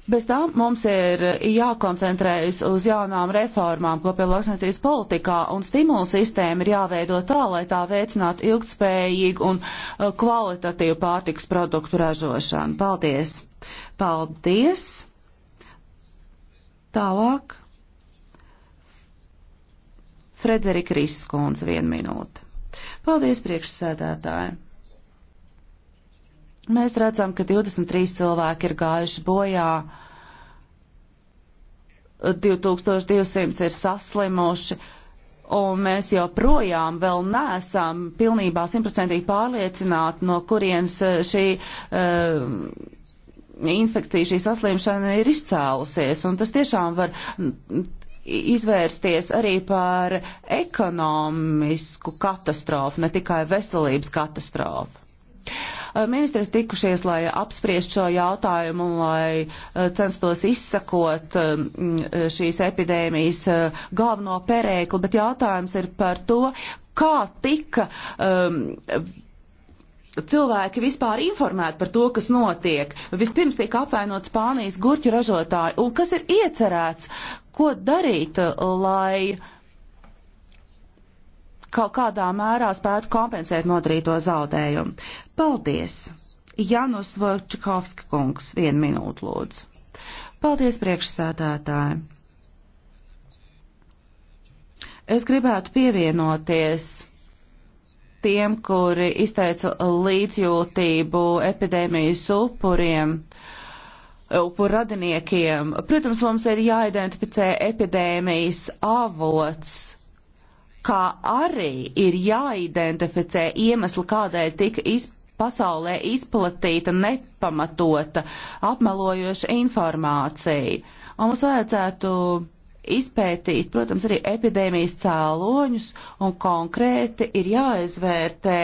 [SPEAKER 3] Bez tam mums ir jākoncentrējas uz jaunām reformām kopējā lauksainicības politikā un stimulu sistēma ir jāveido tā, lai tā veicinātu ilgtspējīgu un uh, kvalitatīvu pārtiks produktu ražošanu. Paldies! Paldies! Tālāk. Frederika Riskons, viena minūte. Paldies priekšsēdētāji! Mēs redzam, ka 23 cilvēki ir gājuši bojā, 2200 ir saslimuši, un mēs joprojām vēl neesam pilnībā simtprocentīgi pārliecināti, no kurienes eh, šī. Uh, infekcija, šī saslimšana ir izcēlusies, un tas tiešām var izvērsties arī par ekonomisku katastrofu, ne tikai veselības katastrofu. Ministri ir tikušies, lai apspriest šo jautājumu, lai eh, censtos izsakot eh, šīs epidēmijas eh, galveno perēkli, bet jautājums ir par to, kā tika. Um, cilvēki vispār informēti par to, kas notiek. Vispirms tiek apvainot Spānijas gurķu ražotāji. Un kas ir iecerēts, ko darīt, lai kaut kādā mērā spētu kompensēt nodarīto zaudējumu? Paldies! Janus Vojčikovska kungs, vienu minūtu lūdzu. Paldies priekšsēdētāji! Es gribētu pievienoties tiem, kuri izteica līdzjūtību epidēmijas upuriem upur radiniekiem. Protams, mums ir jāidentificē epidēmijas avots, kā arī ir jāidentificē iemesli, kādēļ tika izpildīta pasaulē izplatīta nepamatota apmelojoša informācija. Un mums vajadzētu izpētīt, protams, arī epidēmijas cēloņus un konkrēti ir jāizvērtē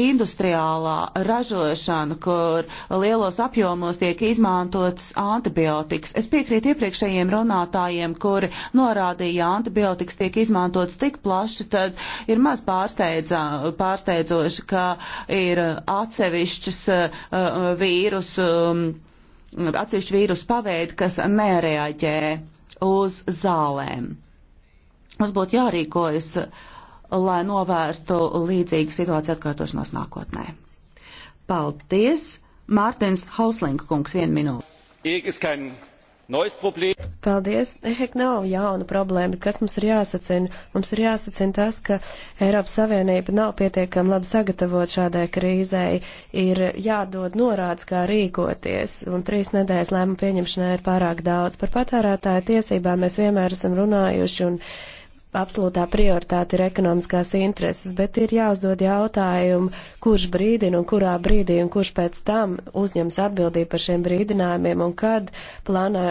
[SPEAKER 3] industriālā ražošana, kur lielos apjomos tiek izmantotas antibiotikas. Es piekrītu iepriekšējiem runātājiem, kuri norādīja, ja antibiotikas tiek izmantotas tik plaši, tad ir maz pārsteidzoši, ka ir atsevišķas uh, vīrusu, um, atsevišķu vīrusu paveidi, kas nereaģē uz zālēm. Mums būtu jārīkojas, lai novērstu līdzīgu situāciju atkārtošanos nākotnē. Paldies! Mārtiņš Hauslinga kungs, vienu minūti. Neues Problem. Paldies.
[SPEAKER 2] Ehek nav jauna problēma. Kas mums ir jāsacina? Mums ir jāsacina tas, ka Eiropas Savienība nav pietiekami labi sagatavot šādai krīzei. Ir jādod norādes, kā rīkoties, un trīs nedēļas lēmumu pieņemšanai ir pārāk daudz. Par patērētāju tiesībām mēs vienmēr esam runājuši. Un, uh, absolūtā prioritāte ir ekonomiskās intereses, bet ir jāuzdod jautājumu, kurš brīdina un kurā brīdī un kurš pēc tam uzņems atbildību par šiem brīdinājumiem un kad plānā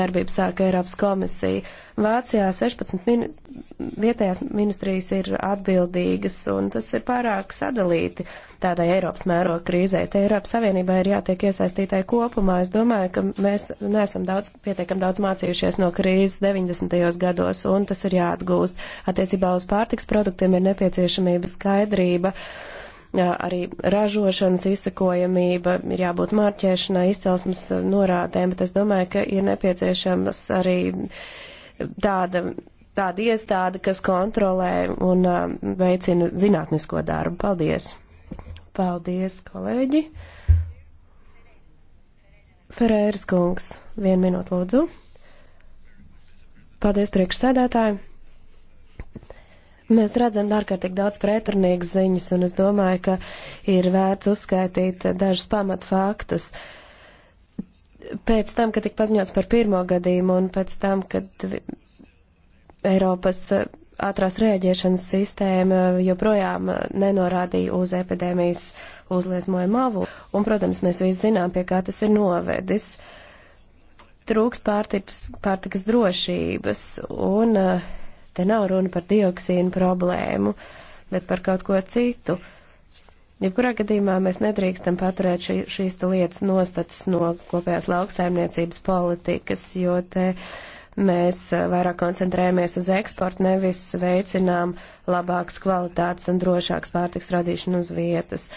[SPEAKER 2] darbību sāka Eiropas komisija. Vācijā 16, min vietējās ministrijas ir atbildīgas, un tas ir pārāk sadalīti tādai Eiropas mēroga krīzē. Te Eiropas Savienībā ir jātiek iesaistītai kopumā. Es domāju, ka mēs neesam daudz, pietiekam daudz mācījušies no krīzes 90. gados, un tas ir jāatgūst. Attiecībā uz pārtiks produktiem ir nepieciešamība skaidrība. Jā, arī ražošanas izsakojamība, ir jābūt mārķēšanai, izcelsmes norādēm, bet es domāju, ka ir nepieciešams arī tāda tāda iestāde, kas kontrolē un uh, veicina zinātnisko darbu. Paldies! Paldies, kolēģi! Ferēras kungs, vienu minūtu lūdzu. Paldies priekšsēdētāji! Mēs redzam ārkārtīgi daudz pretrunīgas ziņas, un es domāju, ka ir vērts uzskaitīt dažus pamatfaktus. faktus pēc tam, kad tika paziņots par pirmo gadījumu un pēc tam, kad Eiropas eh, ātrās rēģēšanas sistēma eh, joprojām eh, nenorādīja uz epidēmijas uzliesmojumu avu. Un, protams, mēs visi zinām, pie kā tas ir novedis. Trūks pārtikas, pārtikas drošības, un te nav runa par dioksīnu problēmu, bet par kaut ko citu. Jebkurā gadījumā mēs nedrīkstam paturēt šī, šīs lietas nostatus no kopējās lauksaimniecības politikas, jo te uh, mēs eh, vairāk koncentrējamies uz eksportu, nevis veicinām labākas kvalitātes un drošākas pārtiks radīšanu uz vietas.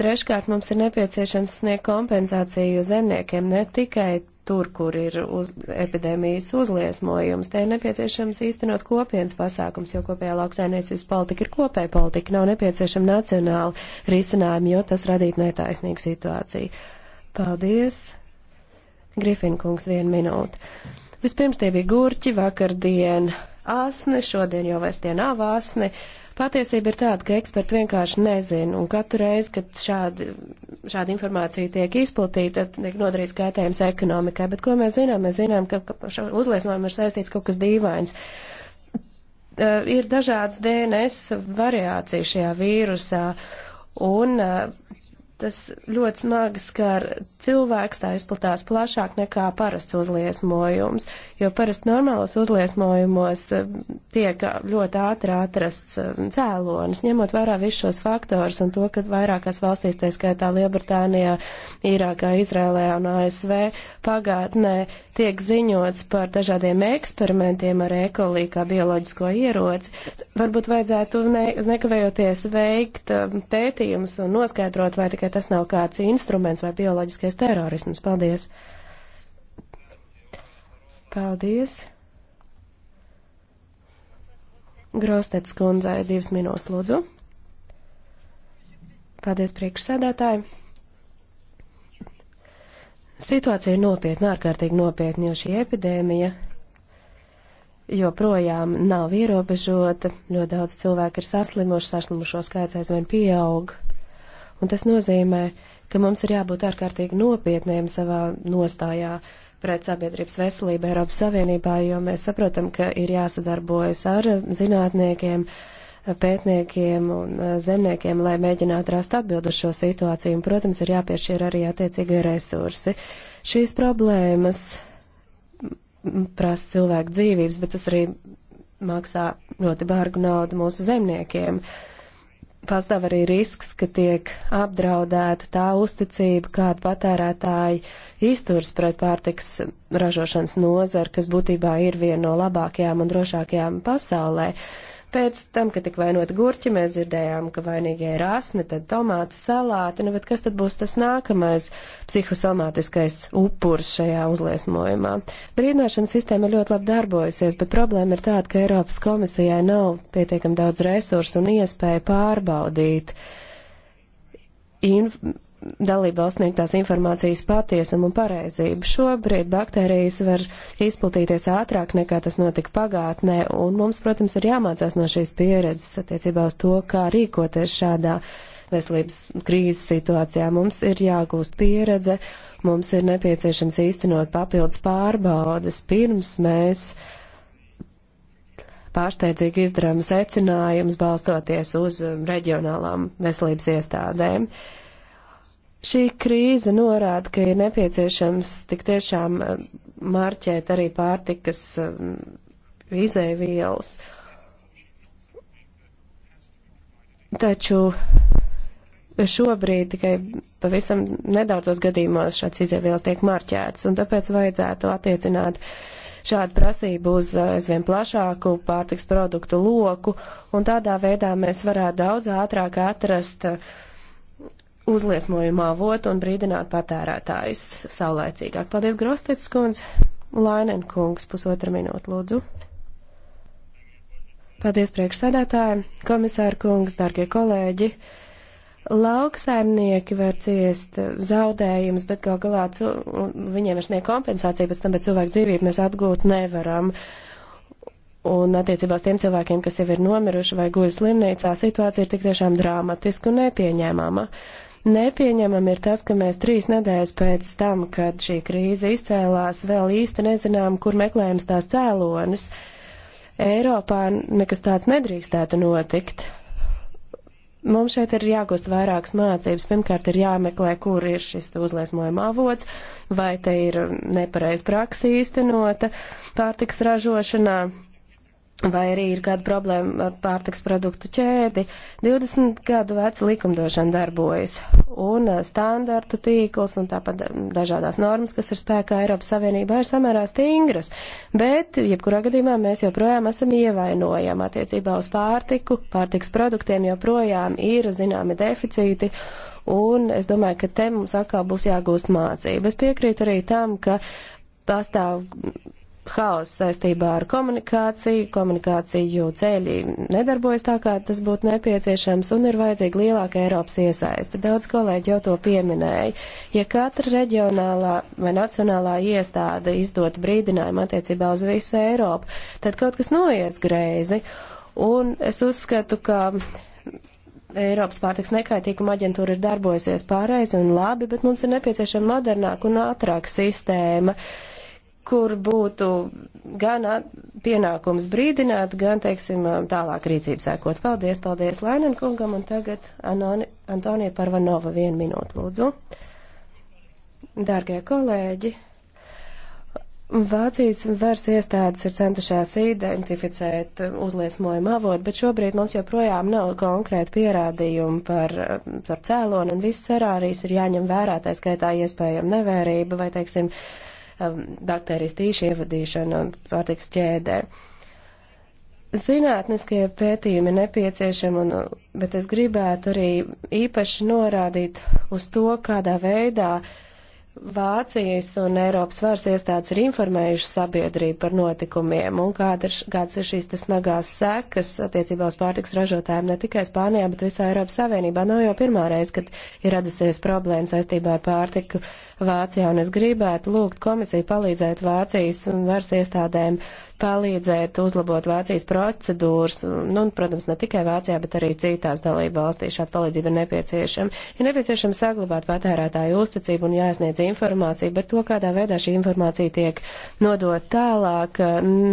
[SPEAKER 2] Treškārt, mums ir nepieciešams sniegt kompensāciju zemniekiem ne tikai tur, kur ir uz, epidēmijas uzliesmojums. Te ir nepieciešams īstenot kopienas pasākums, jo kopējā lauksainiecības politika ir kopēja politika, nav nepieciešama nacionāla risinājuma, jo tas radītu netaisnīgu situāciju. Paldies! Grifin kungs, vienu minūti. Vispirms tie bija gurķi, vakardien asne, šodien jau vairs tie nav asne. Patiesība ir tāda, ka eksperti vienkārši nezina, un katru reizi, kad šādi, šāda informācija tiek izplatīta, tad tiek nodarīts kaitējums ekonomikai. Bet ko mēs zinām? Mēs zinām, ka, ka uzliesmojumi ir saistīts kaut kas dīvains. Uh, ir dažādas DNS variācijas šajā vīrusā, un uh, tas ļoti smagi skar cilvēks, tā izplatās plašāk nekā parasts uzliesmojums, jo parasti normālos uzliesmojumos eh, tiek ļoti ātri atrasts eh, cēlonis, ņemot vērā visus šos faktors un to, ka vairākās valstīs, tā skaitā Lielbritānijā, Irākā, Izrēlē un ASV pagātnē tiek ziņots par dažādiem eksperimentiem ar ekolī kā bioloģisko ieroci. Varbūt vajadzētu ne, nekavējoties veikt eh, pētījumus un noskaidrot, vai tikai ka tas nav kāds instruments vai bioloģiskais terorisms. Paldies! Paldies! Grostets kundzei divas minūtes lūdzu. Paldies priekšsēdētāji! Situācija ir nopietna, ārkārtīgi nopietna, jo šī epidēmija joprojām nav ierobežota. Ļoti daudz cilvēku ir saslimuši, saslimušo skaits aizvien pieaug. Un tas nozīmē, ka mums ir jābūt ārkārtīgi nopietniem savā nostājā pret sabiedrības veselību Eiropas Savienībā, jo mēs saprotam, ka ir jāsadarbojas ar zinātniekiem, pētniekiem un eh, zemniekiem, lai mēģinātu rast atbildu šo situāciju. Un, protams, ir jāpiešķir arī attiecīgie resursi. Šīs problēmas prasa cilvēku dzīvības, bet tas arī maksā ļoti bārgu naudu mūsu zemniekiem. Uh, pastāv arī risks, ka tiek apdraudēta tā uzticība, kāda patērētāji izturs pret pārtiks ražošanas nozaru, kas būtībā ir viena no labākajām un drošākajām pasaulē. Uh, Pēc tam, kad tik vainot gurķi, mēs dzirdējām, ka vainīgie ir asni, tad tomāti, salāti, nu, bet kas tad būs tas nākamais psihosomātiskais upurs šajā uzliesmojumā? Brīdināšanas sistēma ļoti labi darbojusies, bet problēma ir tāda, ka Eiropas komisijai nav pietiekam daudz resursu un iespēju pārbaudīt inf dalībvalsts sniegtās informācijas patiesam un pareizību. Šobrīd baktērijas var izplatīties ātrāk nekā tas notika pagātnē, un mums, protams, ir jāmācās no šīs pieredzes attiecībā uz to, kā rīkoties šādā veselības krīzes situācijā. Mums ir jāgūst pieredze, mums ir nepieciešams īstenot papildus pārbaudas pirms mēs pārsteidzīgi izdarām secinājumus balstoties uz reģionālām veselības iestādēm. Uh, Šī krīze norāda, ka ir nepieciešams tik tiešām eh, mārķēt arī pārtikas eh, izēvielas. Taču šobrīd tikai pavisam nedaudzos gadījumos šāds izēvielas tiek marķēts, un tāpēc vajadzētu attiecināt šādu prasību uz eh, aizvien plašāku pārtiks produktu loku, un tādā veidā mēs varētu daudz ātrāk atrast uh, uzliesmojuma avotu un brīdināt patērētājus saulēcīgāk. Paldies, Grostets kundze. Lainen kungs, pusotra minūte, lūdzu. Paldies, priekšsēdētāji, komisāra kungs, dargie kolēģi. Lauksaimnieki var ciest zaudējumus, bet gal galā viņiem ir sniegt kompensāciju, pēc tam, bet cilvēku dzīvību mēs atgūt nevaram. Un attiecībā uz tiem cilvēkiem, kas jau ir nomiruši vai guļas slimnīcā, situācija ir tik tiešām dramatiska un nepieņēmama. Uh, Nepieņemam ir tas, ka mēs trīs nedēļas pēc tam, kad šī krīze izcēlās, vēl īsti nezinām, kur meklējams tās cēlonis. Eiropā nekas tāds nedrīkstētu notikt. Mums šeit ir jāgūst vairākas mācības. Pirmkārt, ir jāmeklē, kur ir šis uzliesmojuma avots, vai te ir nepareiz praksa īstenota pārtiks ražošanā vai arī ir kāda problēma ar pārtiks produktu ķēdi, 20 gadu veca likumdošana darbojas, un eh, standartu tīkls un tāpat eh, dažādās normas, kas ir spēkā Eiropas Savienībā, ir samērā stingras, bet, jebkurā gadījumā, mēs joprojām esam ievainojami attiecībā uz pārtiku, pārtiks produktiem joprojām ir zināmi deficīti, un es domāju, ka te mums atkal būs jāgūst mācība. Es piekrītu arī tam, ka pastāv haoss saistībā ar komunikāciju, komunikāciju ceļi nedarbojas tā, kā tas būtu nepieciešams, un ir vajadzīga lielāka Eiropas iesaiste. Daudz kolēģi jau to pieminēja. Ja katra reģionālā vai nacionālā iestāde izdot brīdinājumu attiecībā uz visu Eiropu, tad kaut kas noies greizi, un es uzskatu, ka Eiropas pārtiks nekaitīguma aģentūra ir darbojusies pārreiz un labi, bet mums ir nepieciešama modernāka un ātrāka sistēma. Uh, kur būtu gan pienākums brīdināt, gan, teiksim, tālāk rīcību sēkot. Paldies, paldies Lainen kungam, un tagad Anoni, Antonija Parvanova vienu minūtu lūdzu. Dārgie kolēģi, Vācijas varas iestādes ir centušās identificēt uzliesmojumu avotu, bet šobrīd mums joprojām nav konkrēti pierādījumi par, par cēloni, un viss scenārijs ir jāņem vērā, tā skaitā iespējama nevērība vai, teiksim, uh, Um, baktērijas tīšu ievadīšanu pārtiks ķēdē. Zinātniskie pētījumi nepieciešami, un, bet es gribētu arī īpaši norādīt uz to, kādā veidā uh, Vācijas un Eiropas varas iestādes ir informējuši sabiedrību par notikumiem un kāda ir, kādas ir šīs smagās sekas attiecībā uz pārtiks ražotājiem ne tikai Spānijā, bet visā Eiropas Savienībā. Nav jau pirmā reize, kad ir radusies problēma saistībā ar pārtiku Vācijā, un es gribētu lūgt komisiju palīdzēt Vācijas varas iestādēm palīdzēt uzlabot Vācijas procedūras, nu, un, protams, ne tikai Vācijā, bet arī citās dalība valstīs šāda palīdzība ir nepieciešama. Ir nepieciešama saglabāt patērētāju uzticību un jāsniedz informācija, bet to, kādā veidā šī informācija tiek nodot tālāk,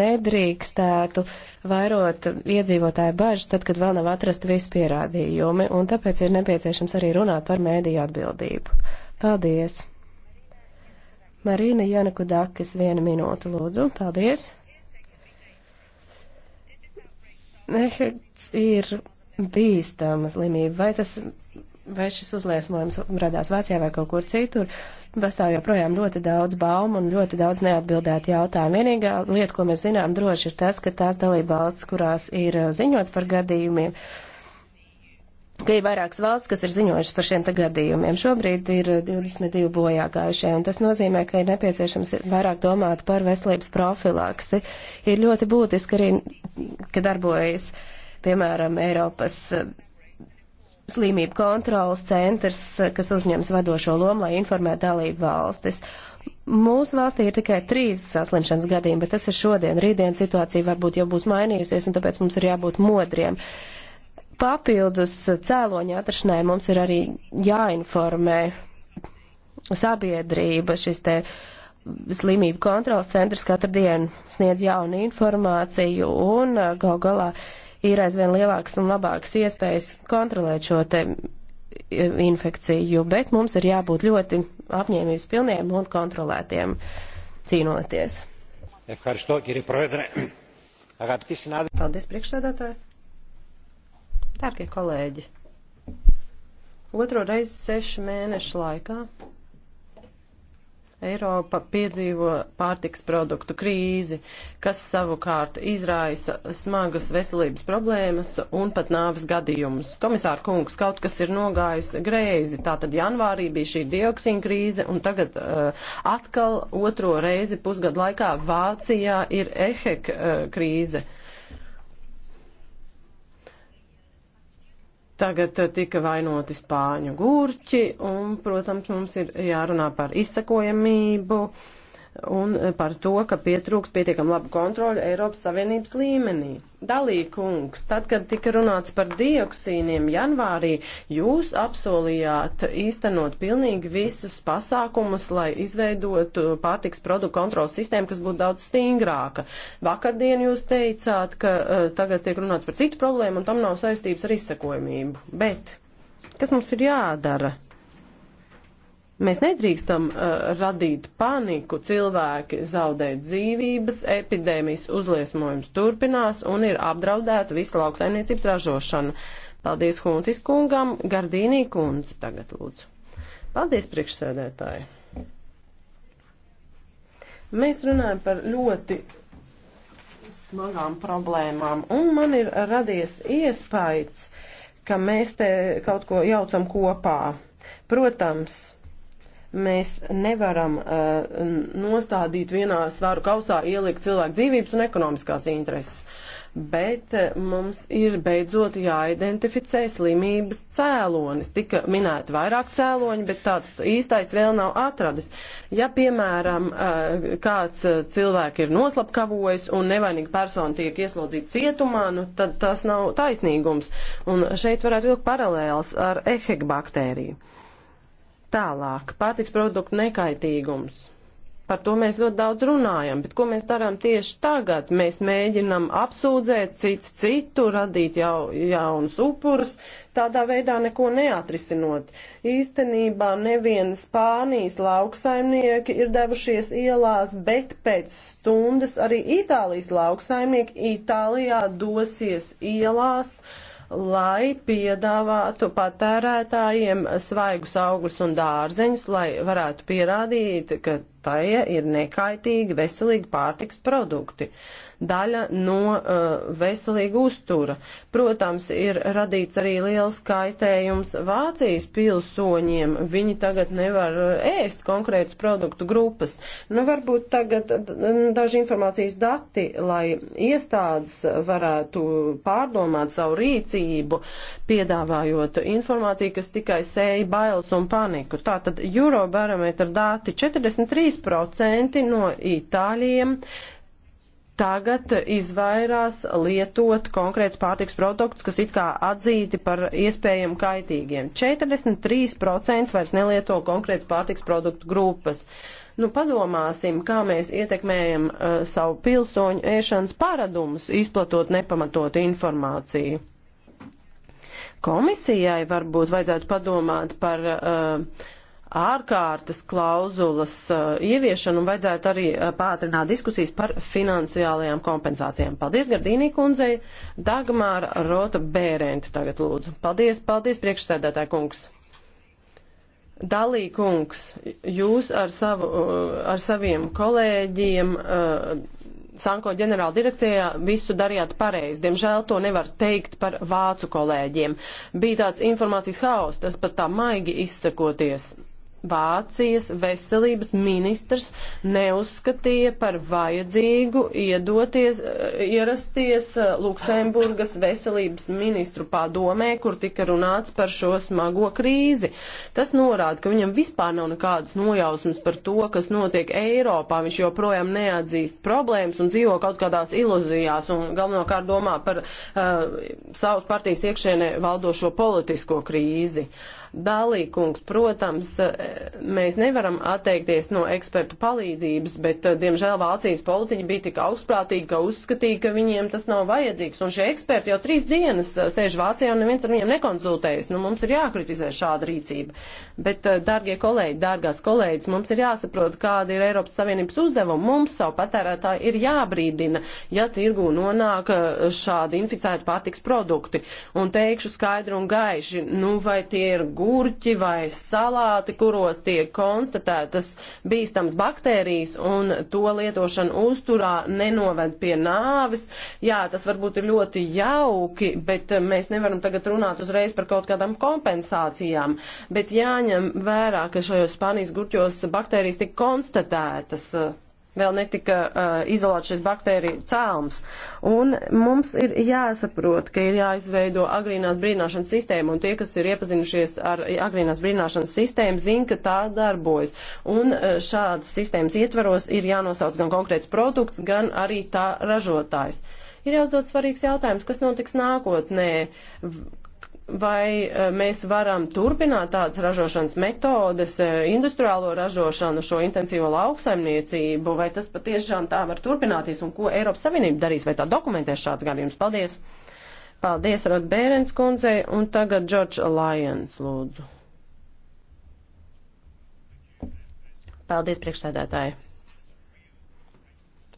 [SPEAKER 2] nedrīkstētu vairot iedzīvotāju bažas, tad, kad vēl nav atrasta visi pierādījumi, un tāpēc ir nepieciešams arī runāt par mēdīju atbildību. Paldies! Marīna Janaku Dakis, viena minūte, lūdzu. Paldies! Neherds ir bīstama slimība. Vai, tas, vai šis uzliesmojums radās Vācijā vai kaut kur citur? Pastāv joprojām ļoti daudz baumu un ļoti daudz neatbildētu jautājumu. Vienīgā lieta, ko mēs zinām droši, ir tas, ka tās dalība valsts, kurās ir uh, ziņots par gadījumiem, ka ir vairākas valsts, kas ir ziņojušas par šiem gadījumiem. Šobrīd ir 22 uh, bojāgājušie, un tas nozīmē, ka ir nepieciešams vairāk domāt par veselības profilaksi. Ir ļoti būtiski arī ka darbojas, piemēram, Eiropas eh, slimību kontrolas centrs, eh, kas uzņems vadošo lomu, lai informētu dalību valstis. Mūsu valstī ir tikai trīs saslimšanas gadījumi, bet tas ir šodien. Rītdien situācija varbūt jau būs mainījusies, un tāpēc mums ir jābūt modriem. Papildus eh, cēloņa atrašanai mums ir arī jāinformē sabiedrība, šis te uh, slimību kontrolas centrs katru dienu sniedz jaunu informāciju un eh, gal galā ir aizvien lielāks un labāks iespējas kontrolēt šo te eh, infekciju, bet mums ir jābūt ļoti apņēmības pilniem un kontrolētiem cīnoties.
[SPEAKER 1] Paldies, priekšsēdētāji! Dārgie kolēģi! Otro reizi sešu mēnešu laikā Eiropa piedzīvo pārtiks produktu krīzi, kas savukārt izraisa smagas veselības problēmas un pat nāves gadījumus. Komisāra kungs, kaut kas ir nogājis greizi. Tātad janvārī bija šī dioksīna krīze un tagad uh, atkal otro reizi pusgadu laikā Vācijā ir ehek uh, krīze. Uh, Tagad eh, tika vainoti spāņu gurķi, un, protams, mums ir jārunā par izsakojamību, uh, un e, par to, ka pietrūks pietiekam labu kontroļu Eiropas Savienības līmenī. Dalīja kungs, tad, kad tika runāts par dioksīniem janvārī, jūs apsolījāt īstenot pilnīgi visus pasākumus, lai izveidotu pārtiks produktu kontrolas sistēmu, kas būtu daudz stingrāka. Vakardien jūs teicāt, ka uh, tagad tiek runāts par citu problēmu un tam nav saistības ar izsekojumību. Bet kas mums ir jādara? Mēs nedrīkstam uh, radīt paniku, cilvēki zaudē dzīvības, epidēmijas uzliesmojums turpinās un ir apdraudēta visa lauksaimniecības ražošana. Paldies Huntis kungam, Gardīnī kundze tagad lūdzu. Paldies priekšsēdētāji. Mēs runājam par ļoti smagām problēmām, un man ir radies iespējas, ka mēs te kaut ko jaucam kopā. Protams, Mēs nevaram uh, nostādīt vienā svaru kausā, ielikt cilvēku dzīvības un ekonomiskās intereses. Bet uh, mums ir beidzot jāidentificē slimības cēlonis. Tika minēti vairāk cēloņi, bet tāds īstais vēl nav atradis. Ja, piemēram, uh, kāds uh, cilvēks ir noslapkavojis un nevainīga persona tiek ieslodzīta cietumā, nu, tad tas nav taisnīgums. Un šeit varētu vilkt paralēls ar ehekbaktēriju. baktēriju. Tālāk, pārtiks produktu nekaitīgums. Par to mēs ļoti daudz runājam, bet ko mēs darām tieši tagad? Mēs mēģinam apsūdzēt cits citu, radīt jau, jaunus upurus, tādā veidā neko neatrisinot. Īstenībā nevien Spānijas lauksaimnieki ir devušies ielās, bet pēc stundas arī Itālijas lauksaimnieki Itālijā dosies ielās. Uh, lai piedāvātu patērētājiem svaigus augļus un dārzeņus, lai varētu pierādīt, ka tie ir nekaitīgi, veselīgi pārtiks produkti daļa no uh, veselīga uztura. Protams, ir radīts arī liels kaitējums Vācijas pilsoņiem. Viņi tagad nevar eh, ēst konkrētas produktu grupas. Nu, varbūt tagad eh, daži informācijas dati, lai iestādes varētu pārdomāt savu rīcību, piedāvājot informāciju, kas tikai sēja bailes un paniku. Tātad Eurobarometra dati 43% no itāļiem tagad izvairās lietot konkrēts pārtiks produkts, kas it kā atzīti par iespējami kaitīgiem. 43% vairs nelieto konkrēts pārtiks produktu grupas. Nu, padomāsim, kā mēs ietekmējam uh, savu pilsoņu ēšanas paradumus, izplatot nepamatotu informāciju. Komisijai varbūt vajadzētu padomāt par uh, ārkārtas klauzulas uh, ieviešanu un vajadzētu arī uh, pātrināt diskusijas par finansiālajām kompensācijām. Paldies Gardīnī kundzei, Dagmāra Rota Bērenti tagad lūdzu. Paldies, paldies priekšsēdētāji kungs. Dalī kungs, jūs ar, savu, uh, ar saviem kolēģiem Sanko ģenerāla direkcijā visu darījāt pareizi. Diemžēl to nevar teikt par vācu kolēģiem. Bija tāds informācijas haoss, tas pat tā maigi izsakoties. Vācijas veselības ministrs neuzskatīja par vajadzīgu iedoties, eh, ierasties eh, Luksemburgas veselības ministru padomē, kur tika runāts par šo smago krīzi. Tas norāda, ka viņam vispār nav nekādas nojausmas par to, kas notiek Eiropā. Viņš joprojām neatzīst problēmas un dzīvo kaut kādās iluzijās un galvenokārt domā par uh, savas partijas iekšēnē valdošo politisko krīzi. Dalīkungs, protams, mēs nevaram atteikties no ekspertu palīdzības, bet, eh, diemžēl, Vācijas politiķi bija tik augstprātīgi, ka uzskatīja, ka viņiem tas nav vajadzīgs. Un šie eksperti jau trīs dienas eh, sēž Vācijā un neviens ar viņiem nekonsultējas. Nu, mums ir jākritizē šāda rīcība. Bet, eh, dārgie kolēģi, dārgās kolēģis, mums ir jāsaprot, kāda ir Eiropas Savienības uzdevuma. Mums savu patērētāju ir jābrīdina, ja tirgu nonāk šādi inficēti pārtiks produkti. Un teikšu skaidri un gaiši, nu vai tie ir gurķi vai salāti, kuru garos tiek konstatētas bīstams baktērijas un to lietošana uzturā nenoved pie nāvis. Jā, tas varbūt ir ļoti jauki, bet eh, mēs nevaram tagad runāt uzreiz par kaut kādām kompensācijām. Bet jāņem vērā, ka šajos Spānijas gurķos baktērijas tik konstatētas. Uh, vēl netika uh, izolēts šis baktēriju cēlums. Un mums ir jāsaprot, ka ir jāizveido agrīnās brīnāšanas sistēma, un tie, kas ir iepazinušies ar agrīnās brīnāšanas sistēmu, zina, ka tā darbojas. Un uh, šādas sistēmas ietvaros ir jānosauc gan konkrēts produkts, gan arī tā ražotājs. Ir jāuzdod svarīgs jautājums, kas notiks nākotnē, vai eh, mēs varam turpināt tādas ražošanas metodes, eh, industriālo ražošanu, šo intensīvo lauksaimniecību, vai tas patiešām tā var turpināties un ko Eiropas Savienība darīs, vai tā dokumentēs šāds gadījums. Paldies! Paldies, Rod Bērens kundzei, un tagad George Lyons, lūdzu. Paldies, priekšsēdētāji!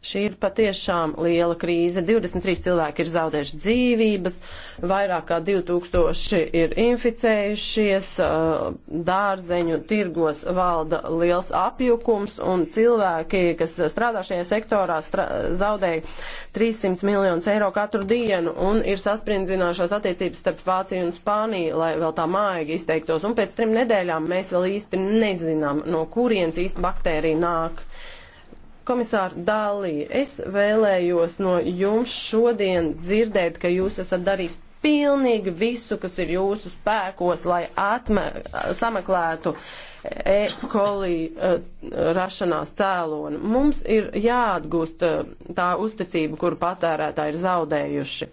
[SPEAKER 1] Šī ir patiešām liela krīze. 23 cilvēki ir zaudējuši dzīvības, vairāk kā 2000 ir inficējušies, dārzeņu tirgos valda liels apjukums un cilvēki, kas strādā šajā sektorā, strā zaudēja 300 miljonus eiro katru dienu un ir sasprindzinājušās attiecības starp Vāciju un Spāniju, lai vēl tā maigi izteiktos. Un pēc trim nedēļām mēs vēl īsti nezinām, no kurienes īsti baktērija nāk. Komisār Dālī, es vēlējos no jums šodien dzirdēt, ka jūs esat darījis pilnīgi visu, kas ir jūsu spēkos, lai atme, sameklētu uh, E. coli uh, rašanās cēloni. Mums ir jāatgūst uh, tā uzticība, kuru patērētāji ir zaudējuši.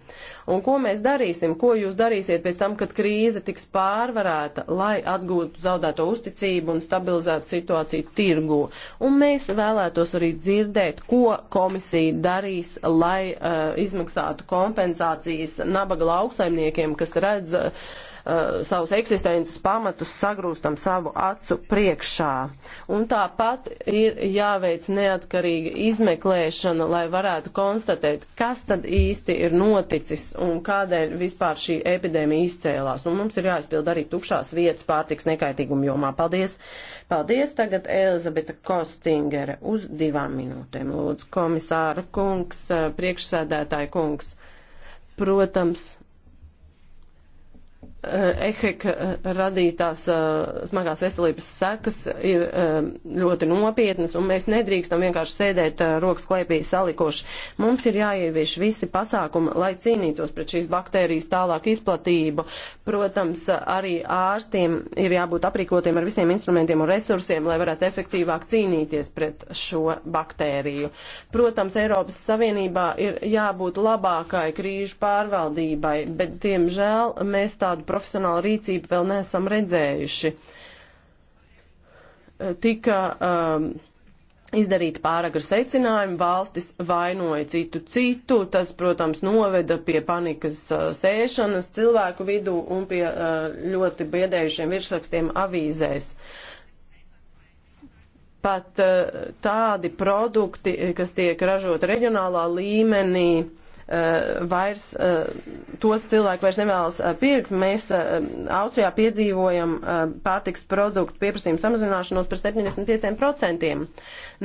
[SPEAKER 1] Un ko mēs darīsim, ko jūs darīsiet pēc tam, kad krīze tiks pārvarēta, lai atgūtu zaudēto uzticību un stabilizētu situāciju tirgu. Un mēs vēlētos arī dzirdēt, ko komisija darīs, lai uh, izmaksātu kompensācijas nabaga lauksaimniekiem, kas redz uh, uh, savus eksistences pamatus sagrūstam savu acu priekšā. Un tāpat ir jāveic neatkarīga izmeklēšana, lai varētu konstatēt, kas tad īsti ir noticis un kādēļ vispār šī epidēmija izcēlās. Un mums ir jāizpild arī tukšās vietas pārtiks nekaitīguma jomā. Paldies! Paldies! Tagad Elizabeta Kostingere uz divām minūtēm. Lūdzu, komisāra kungs, uh, priekšsēdētāja kungs. Protams, Eh, EHEC eh, radītās eh, smagās veselības sekas ir ļoti nopietnas, un mēs nedrīkstam vienkārši sēdēt rokas klēpī salikoši. Mums ir jāievieš visi pasākumi, lai cīnītos pret šīs baktērijas tālāk izplatību. Protams, arī ārstiem ir jābūt aprīkotiem ar visiem instrumentiem un resursiem, lai varētu efektīvāk cīnīties pret šo baktēriju. Protams, Eiropas Savienībā ir jābūt labākai krīžu pārvaldībai, bet, diemžēl, mēs tādu profesionālu rīcību vēl neesam redzējuši. Tika um, izdarīti pāragri secinājumi, valstis vainoja citu citu, tas, protams, noveda pie panikas uh, sēšanas cilvēku vidū un pie uh, ļoti biedējušiem virsrakstiem avīzēs. Pat uh, tādi produkti, kas tiek ražoti reģionālā līmenī, Eh, vairs eh, tos cilvēki vairs nevēlas eh, pirkt. Mēs Austrijā piedzīvojam pārtiks produktu pieprasījumu samazināšanos par 75%.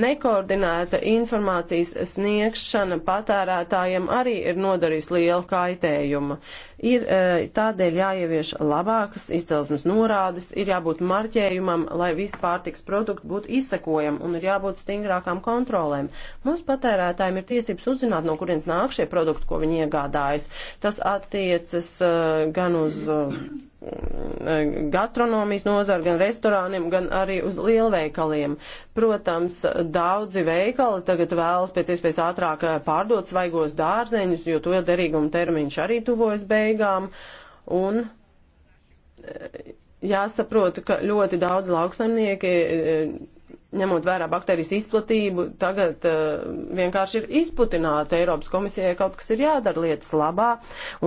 [SPEAKER 1] Nekoordinēta informācijas sniegšana patērētājiem arī ir nodarījis lielu kaitējumu. Ir tādēļ jāievieš labākas izcelsmes norādes, ir jābūt marķējumam, lai visi pārtiks produkti būtu izsekojami un ir jābūt stingrākām kontrolēm. Mums patērētājiem ir tiesības uzzināt, no kurienes nāk šie produkti produktu, ko viņi iegādājas. Tas attiecas eh, gan uz eh, gastronomijas nozaru, gan restorāniem, gan arī uz lielveikaliem. Protams, daudzi veikali tagad vēlas pēc iespējas ātrāk eh, pārdot svaigos dārzeņus, jo to derīguma termiņš arī tuvojas beigām. Un jāsaprot, ka ļoti daudz lauksaimnieki ņemot vērā baktērijas izplatību, tagad uh, vienkārši ir izputināta Eiropas komisijai kaut kas ir jādara lietas labā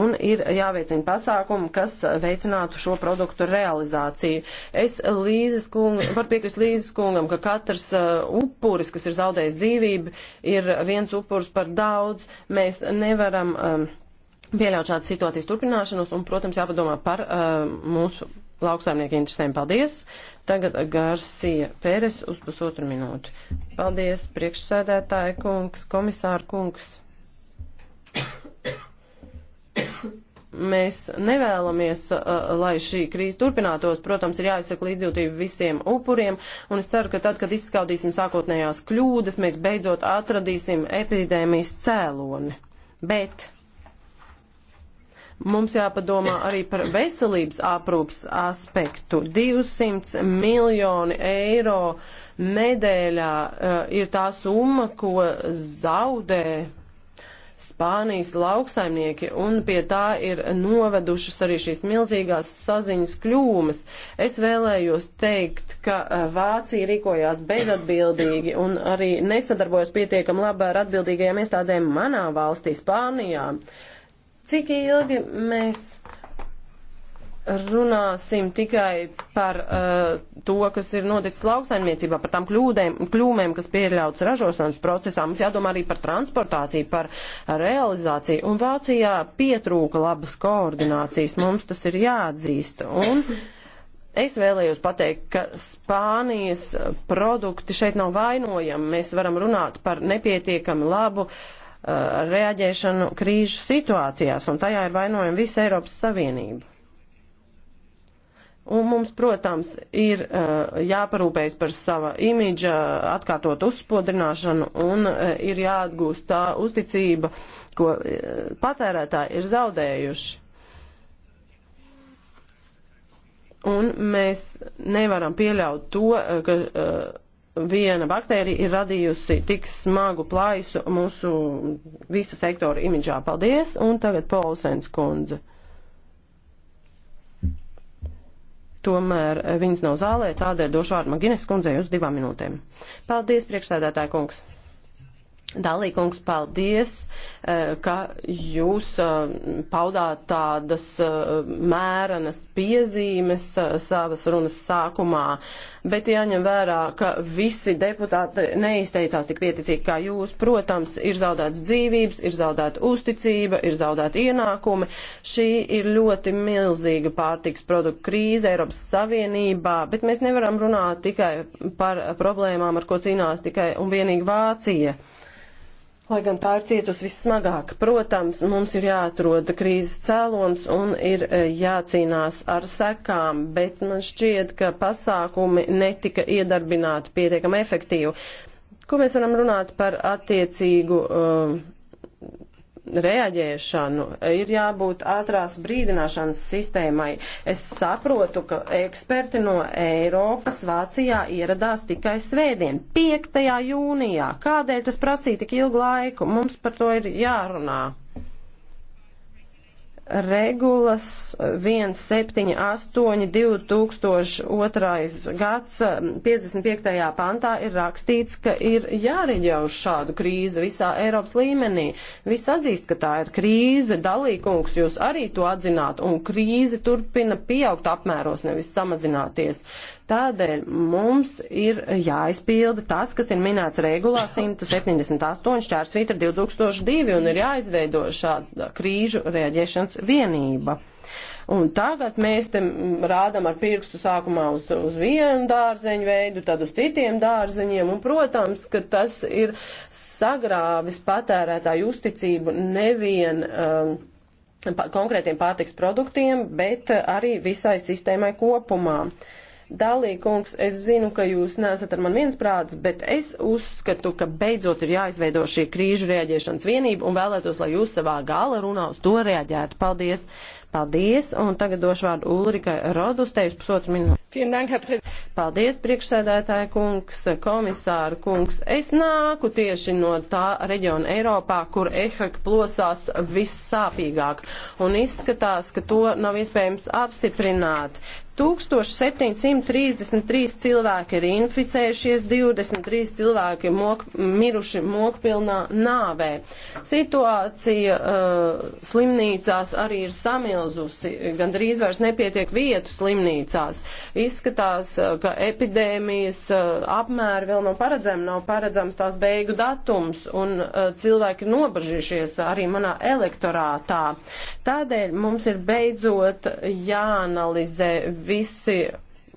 [SPEAKER 1] un ir jāveicina pasākumu, kas veicinātu šo produktu realizāciju. Es Līzes kungam, var piekrist Līzes kungam, ka katrs uh, upuris, kas ir zaudējis dzīvību, ir viens upuris par daudz. Mēs nevaram um, pieļaut šādas situācijas turpināšanos un, protams, jāpadomā par uh, mūsu lauksaimnieku interesēm. Paldies! Tagad Gārsija Pēres uz pusotru minūti. Paldies, priekšsēdētāja kungs, komisāra kungs. Mēs nevēlamies, uh, lai šī krīze turpinātos. Protams, ir jāizsaka līdzjūtība visiem upuriem, un es ceru, ka tad, kad izskaudīsim sākotnējās kļūdas, mēs beidzot atradīsim epidēmijas cēloni. Bet Mums jāpadomā arī par veselības aprūpas aspektu. 200 miljoni eiro nedēļā uh, ir tā summa, ko zaudē Spānijas lauksaimnieki, un pie tā ir novedušas arī šīs milzīgās saziņas kļūmes. Es vēlējos teikt, ka eh, Vācija rīkojās bezatbildīgi un arī nesadarbojas pietiekam labi ar atbildīgajām iestādēm manā valstī, Spānijā. Uh, Cik ilgi mēs runāsim tikai par uh, to, kas ir noticis lauksaimniecībā, par tām kļūdēm, kļūmēm, kas pieļauts ražošanas procesā. Mums jādomā arī par transportāciju, par realizāciju. Un Vācijā pietrūka labas koordinācijas. Mums tas ir jāatzīst. Un es vēlējos pateikt, ka Spānijas produkti šeit nav vainojami. Mēs varam runāt par nepietiekami labu uh, Uh, reaģēšanu krīžu situācijās, un tajā ir vainojama visa Eiropas Savienība. Un mums, protams, ir uh, jāparūpējas par sava imidža atkārtot uzspodrināšanu un uh, ir jāatgūst tā uzticība, ko patērētāji ir zaudējuši. Un mēs nevaram pieļaut to, ka viena baktērija ir radījusi tik smagu plaisu mūsu visa sektora imidžā. Paldies! Un tagad Polsens kundze. Tomēr eh, viņas nav zālē, tādēļ došu vārdu Magines kundzei uz divām minūtēm. Paldies, priekšsēdētāja kungs! Dalīkungs, paldies, eh, ka jūs eh, paudāt tādas eh, mērenas piezīmes savas runas sākumā, bet jāņem vērā, ka visi deputāti neizteicās tik pieticīgi kā jūs. Protams, ir zaudēts dzīvības, ir zaudēta uzticība, ir zaudēta ienākumi. Šī ir ļoti milzīga pārtiks produktu krīze Eiropas Savienībā, bet mēs nevaram runāt tikai par problēmām, ar ko cīnās tikai un vienīgi Vācija lai gan tā ir cietusi vissmagāk. Protams, mums ir jāatrod krīzes cēlons un ir e, jācīnās ar sekām, bet man šķiet, ka pasākumi netika iedarbināti pietiekami efektīvi. Ko mēs varam runāt par attiecīgu uh, reaģēšanu, ir jābūt ātrās brīdināšanas sistēmai. Es saprotu, ka eksperti no Eiropas Vācijā ieradās tikai svētdien, 5. jūnijā. Kādēļ tas prasīja tik ilgu laiku? Mums par to ir jārunā regulas 178 2002 gads 55. Um, pantā ir rakstīts, ka ir jāreģē uz šādu krīzi visā Eiropas līmenī. Viss atzīst, ka tā ir krīze, dalīkungs, jūs arī to atzināt, un krīze turpina pieaugt apmēros, nevis samazināties. Tādēļ mums ir jāizpilda tas, kas ir minēts regulā 178 šķērsvītra 2002 un ir jāizveido šāda krīžu reaģēšanas vienība. Un tagad mēs te rādam ar pirkstu sākumā uz, uz vienu dārzeņu veidu, tad uz citiem dārzeņiem, un, protams, ka tas ir sagrāvis patērētāju uzticību nevien um, konkrētiem pārtiks produktiem, bet arī visai sistēmai kopumā. Uh, Dalīkungs, es zinu, ka jūs nesat ar man viensprāts, bet es uzskatu, ka beidzot ir jāizveido šī krīžu reaģēšanas vienība un vēlētos, lai jūs savā gala runā uz to reaģētu. Paldies! Paldies! Un tagad došu vārdu Ulrika Rodustei uz pusotru minūti. Paldies, priekšsēdētāja kungs, komisāra kungs. Es nāku tieši no tā reģiona Eiropā, kur ehak plosās vissāpīgāk, un izskatās, ka to nav iespējams apstiprināt. 1733 cilvēki ir inficējušies, 23 cilvēki mok, miruši mokpilnā nāvē. Situācija uh, slimnīcās arī ir samilzusi, gandrīz vairs nepietiek vietu slimnīcās Izskatās, eh, ka epidēmijas eh, apmēri vēl nav paredzami, nav paredzams tās beigu datums, un eh, cilvēki nobažījušies arī manā elektorātā. Tādēļ mums ir beidzot jāanalizē visi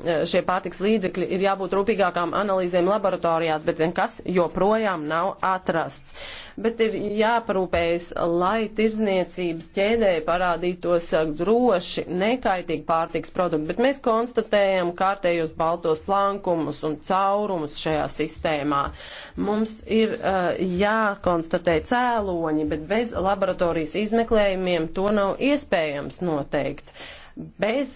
[SPEAKER 1] E, šie pārtiks līdzekļi ir jābūt rūpīgākām analīzēm laboratorijās, bet nekas joprojām nav atrasts. Bet ir jāparūpējas, lai tirzniecības ķēdē parādītos droši, nekaitīgi pārtiks produkti, bet mēs konstatējam kārtējos baltos plankumus un caurumus šajā sistēmā. Mums ir uh, jākonstatē cēloņi, bet bez laboratorijas izmeklējumiem to nav iespējams noteikt. Uh, Bez,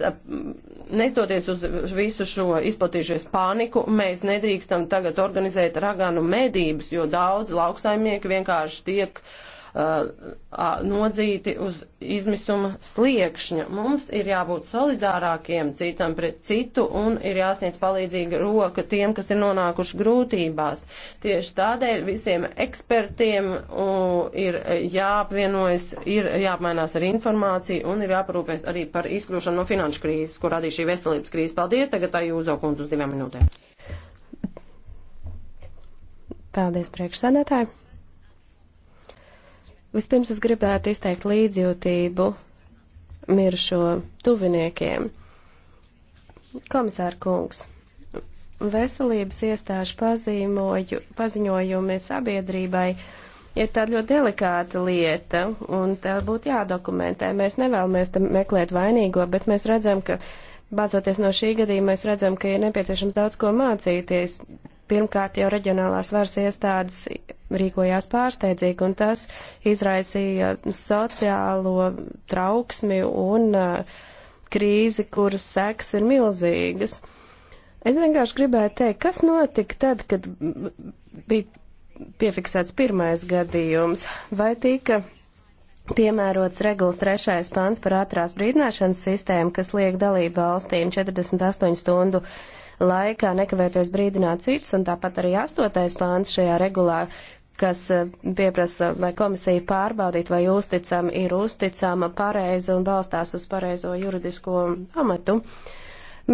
[SPEAKER 1] nestoties uz visu šo izplatījušies paniku, mēs nedrīkstam tagad organizēt raganu medības, jo daudz lauksaimnieki vienkārši tiek uh, Uh, nodzīti uz izmisuma sliekšņa. Mums ir jābūt solidārākiem citam pret citu un ir jāsniedz palīdzīga roka tiem, kas ir nonākuši grūtībās. Tieši tādēļ visiem ekspertiem ir jāapvienojas, ir jāapmainās ar informāciju un ir jāparūpēs arī par izkļūšanu no finanšu krīzes, kur radīja šī veselības krīze. Paldies, tagad tā jūzo kundze uz divām minūtēm.
[SPEAKER 2] Paldies, priekšsēdētāji! Vispirms es gribētu izteikt līdzjūtību miršo tuviniekiem. Komisāra kungs, veselības iestāžu pazīmoju, paziņojumi sabiedrībai ir tāda ļoti delikāta lieta, un tā būtu jādokumentē. Mēs nevēlamies tam meklēt vainīgo, bet mēs redzam, ka, bācoties no šī gadījuma, mēs redzam, ka ir nepieciešams daudz ko mācīties. Pirmkārt, jau reģionālās varas iestādes rīkojās pārsteidzīgi, un tas izraisīja sociālo trauksmi un uh, krīzi, kuras seks ir milzīgas. Es vienkārši gribēju teikt, kas notika tad, kad bija piefiksēts pirmais gadījums, vai tika Piemērots regulas trešais pants par ātrās brīdināšanas sistēmu, kas liek dalību valstīm 48 stundu laikā nekavēties brīdināt citus, un tāpat arī astotais pāns šajā regulā, kas eh, pieprasa, lai komisija pārbaudītu, vai uzticama ir uzticama pareizi un balstās uz pareizo juridisko amatu.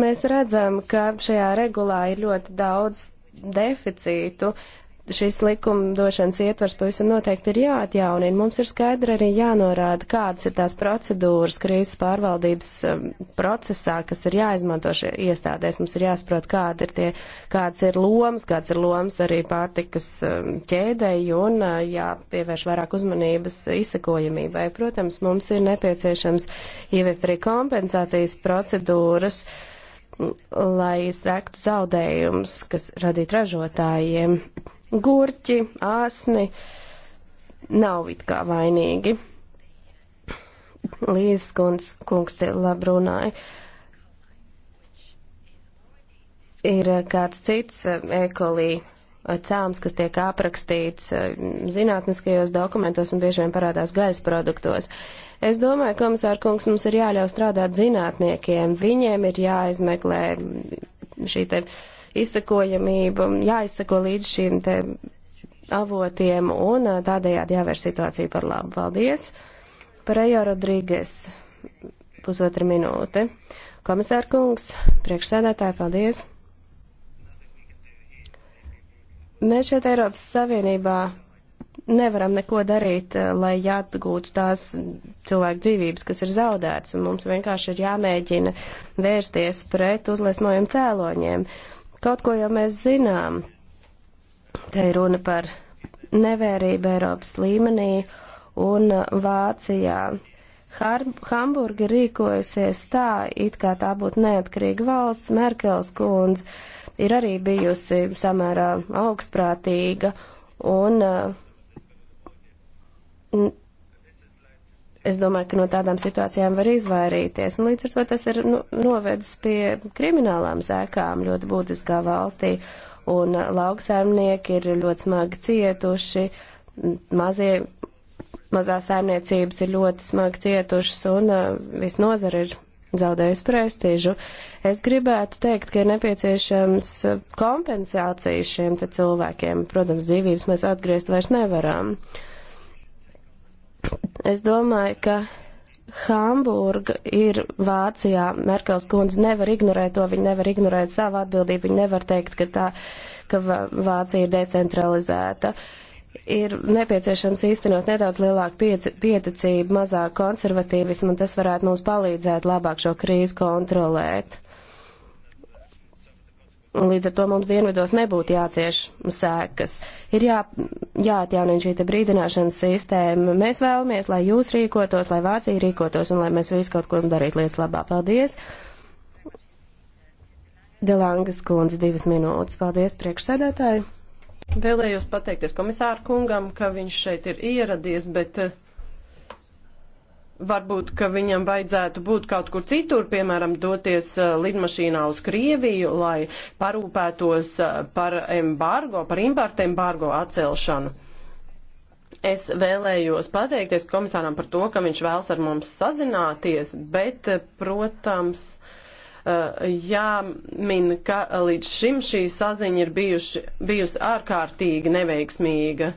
[SPEAKER 2] Mēs redzam, ka šajā regulā ir ļoti daudz deficītu, uh, šis likumdošanas ietvars pavisam noteikti ir jāatjaunina. Mums ir skaidri arī jānorāda, kādas ir tās procedūras krīzes pārvaldības um, procesā, kas ir jāizmanto šie iestādēs. Mums ir jāsaprot, kāda ir tie, kāds ir lomas, kāds ir lomas arī pārtikas um, ķēdēji un uh, jāpievērš vairāk uzmanības izsekojamībai. Protams, mums ir nepieciešams ieviest arī kompensācijas procedūras mm, lai sektu zaudējumus, kas radīt ražotājiem gurķi, asni nav it kā vainīgi. Līzes kungs, kungs te labi runāja. Ir eh, kāds cits eh, ekolī eh, cēlums, kas tiek aprakstīts zinātniskajos dokumentos un bieži vien parādās gaisa produktos. Es domāju, komisāra kungs, mums ir jāļauj strādāt zinātniekiem. Viņiem ir jāizmeklē mm, šī te. Uh, izsakojamība, jāizsako līdz šīm te avotiem un tādējādi jāvērš situācija par labu. Paldies! Parejo Rodrīgas, pusotra minūte. Komisāra kungs, priekšsēdētāji, paldies! Mēs šeit Eiropas Savienībā nevaram neko darīt, lai atgūtu tās cilvēku dzīvības, kas ir zaudētas, un mums vienkārši ir jāmēģina vērsties pret uzliesmojumu cēloņiem. Kaut ko jau mēs zinām. Te ir runa par nevērību Eiropas līmenī un uh, Vācijā. Har Hamburga rīkojusies tā, it kā tā būtu neatkarīga valsts, Merkels kundze ir arī bijusi samērā augstprātīga un uh, es domāju, ka no tādām situācijām var izvairīties. Un līdz ar to tas ir nu, novedis pie kriminālām sēkām ļoti būtiskā valstī. Un uh, lauksaimnieki ir ļoti smagi cietuši, mazie, mazā saimniecības ir ļoti smagi cietušas un uh, viss nozara ir zaudējusi prestižu. Es gribētu teikt, ka ir nepieciešams uh, kompensācijas šiem cilvēkiem. Protams, dzīvības mēs atgriezt vairs nevaram. Uh, Es domāju, ka Hamburga ir Vācijā. Merkels kundze nevar ignorēt to, viņa nevar ignorēt savu atbildību, viņa nevar teikt, ka, tā, ka Vācija ir decentralizēta. Ir nepieciešams īstenot nedaudz lielāku pieticību, mazāk konservatīvismu, un tas varētu mums palīdzēt labāk šo krīzi kontrolēt. Līdz ar to mums dienvidos nebūtu jācieš sēkas. Ir jā, jāatjaunina šī brīdināšanas sistēma. Mēs vēlamies, lai jūs rīkotos, lai Vācija rīkotos un lai mēs visi kaut ko darītu lietas labā. Paldies! Delangas kundze divas minūtes. Paldies priekšsēdētāji!
[SPEAKER 1] Vēlējos pateikties komisāru kungam, ka viņš šeit ir ieradies, bet uh, Varbūt, ka viņam vajadzētu būt kaut kur citur, piemēram, doties uh, lidmašīnā uz Krieviju, lai parūpētos uh, par embargo, par importu embargo atcelšanu. Es vēlējos pateikties komisāram par to, ka viņš vēlas ar mums sazināties, bet, uh, protams, jāmin, ka līdz šim šī saziņa ir bijuši, bijusi ārkārtīgi neveiksmīga.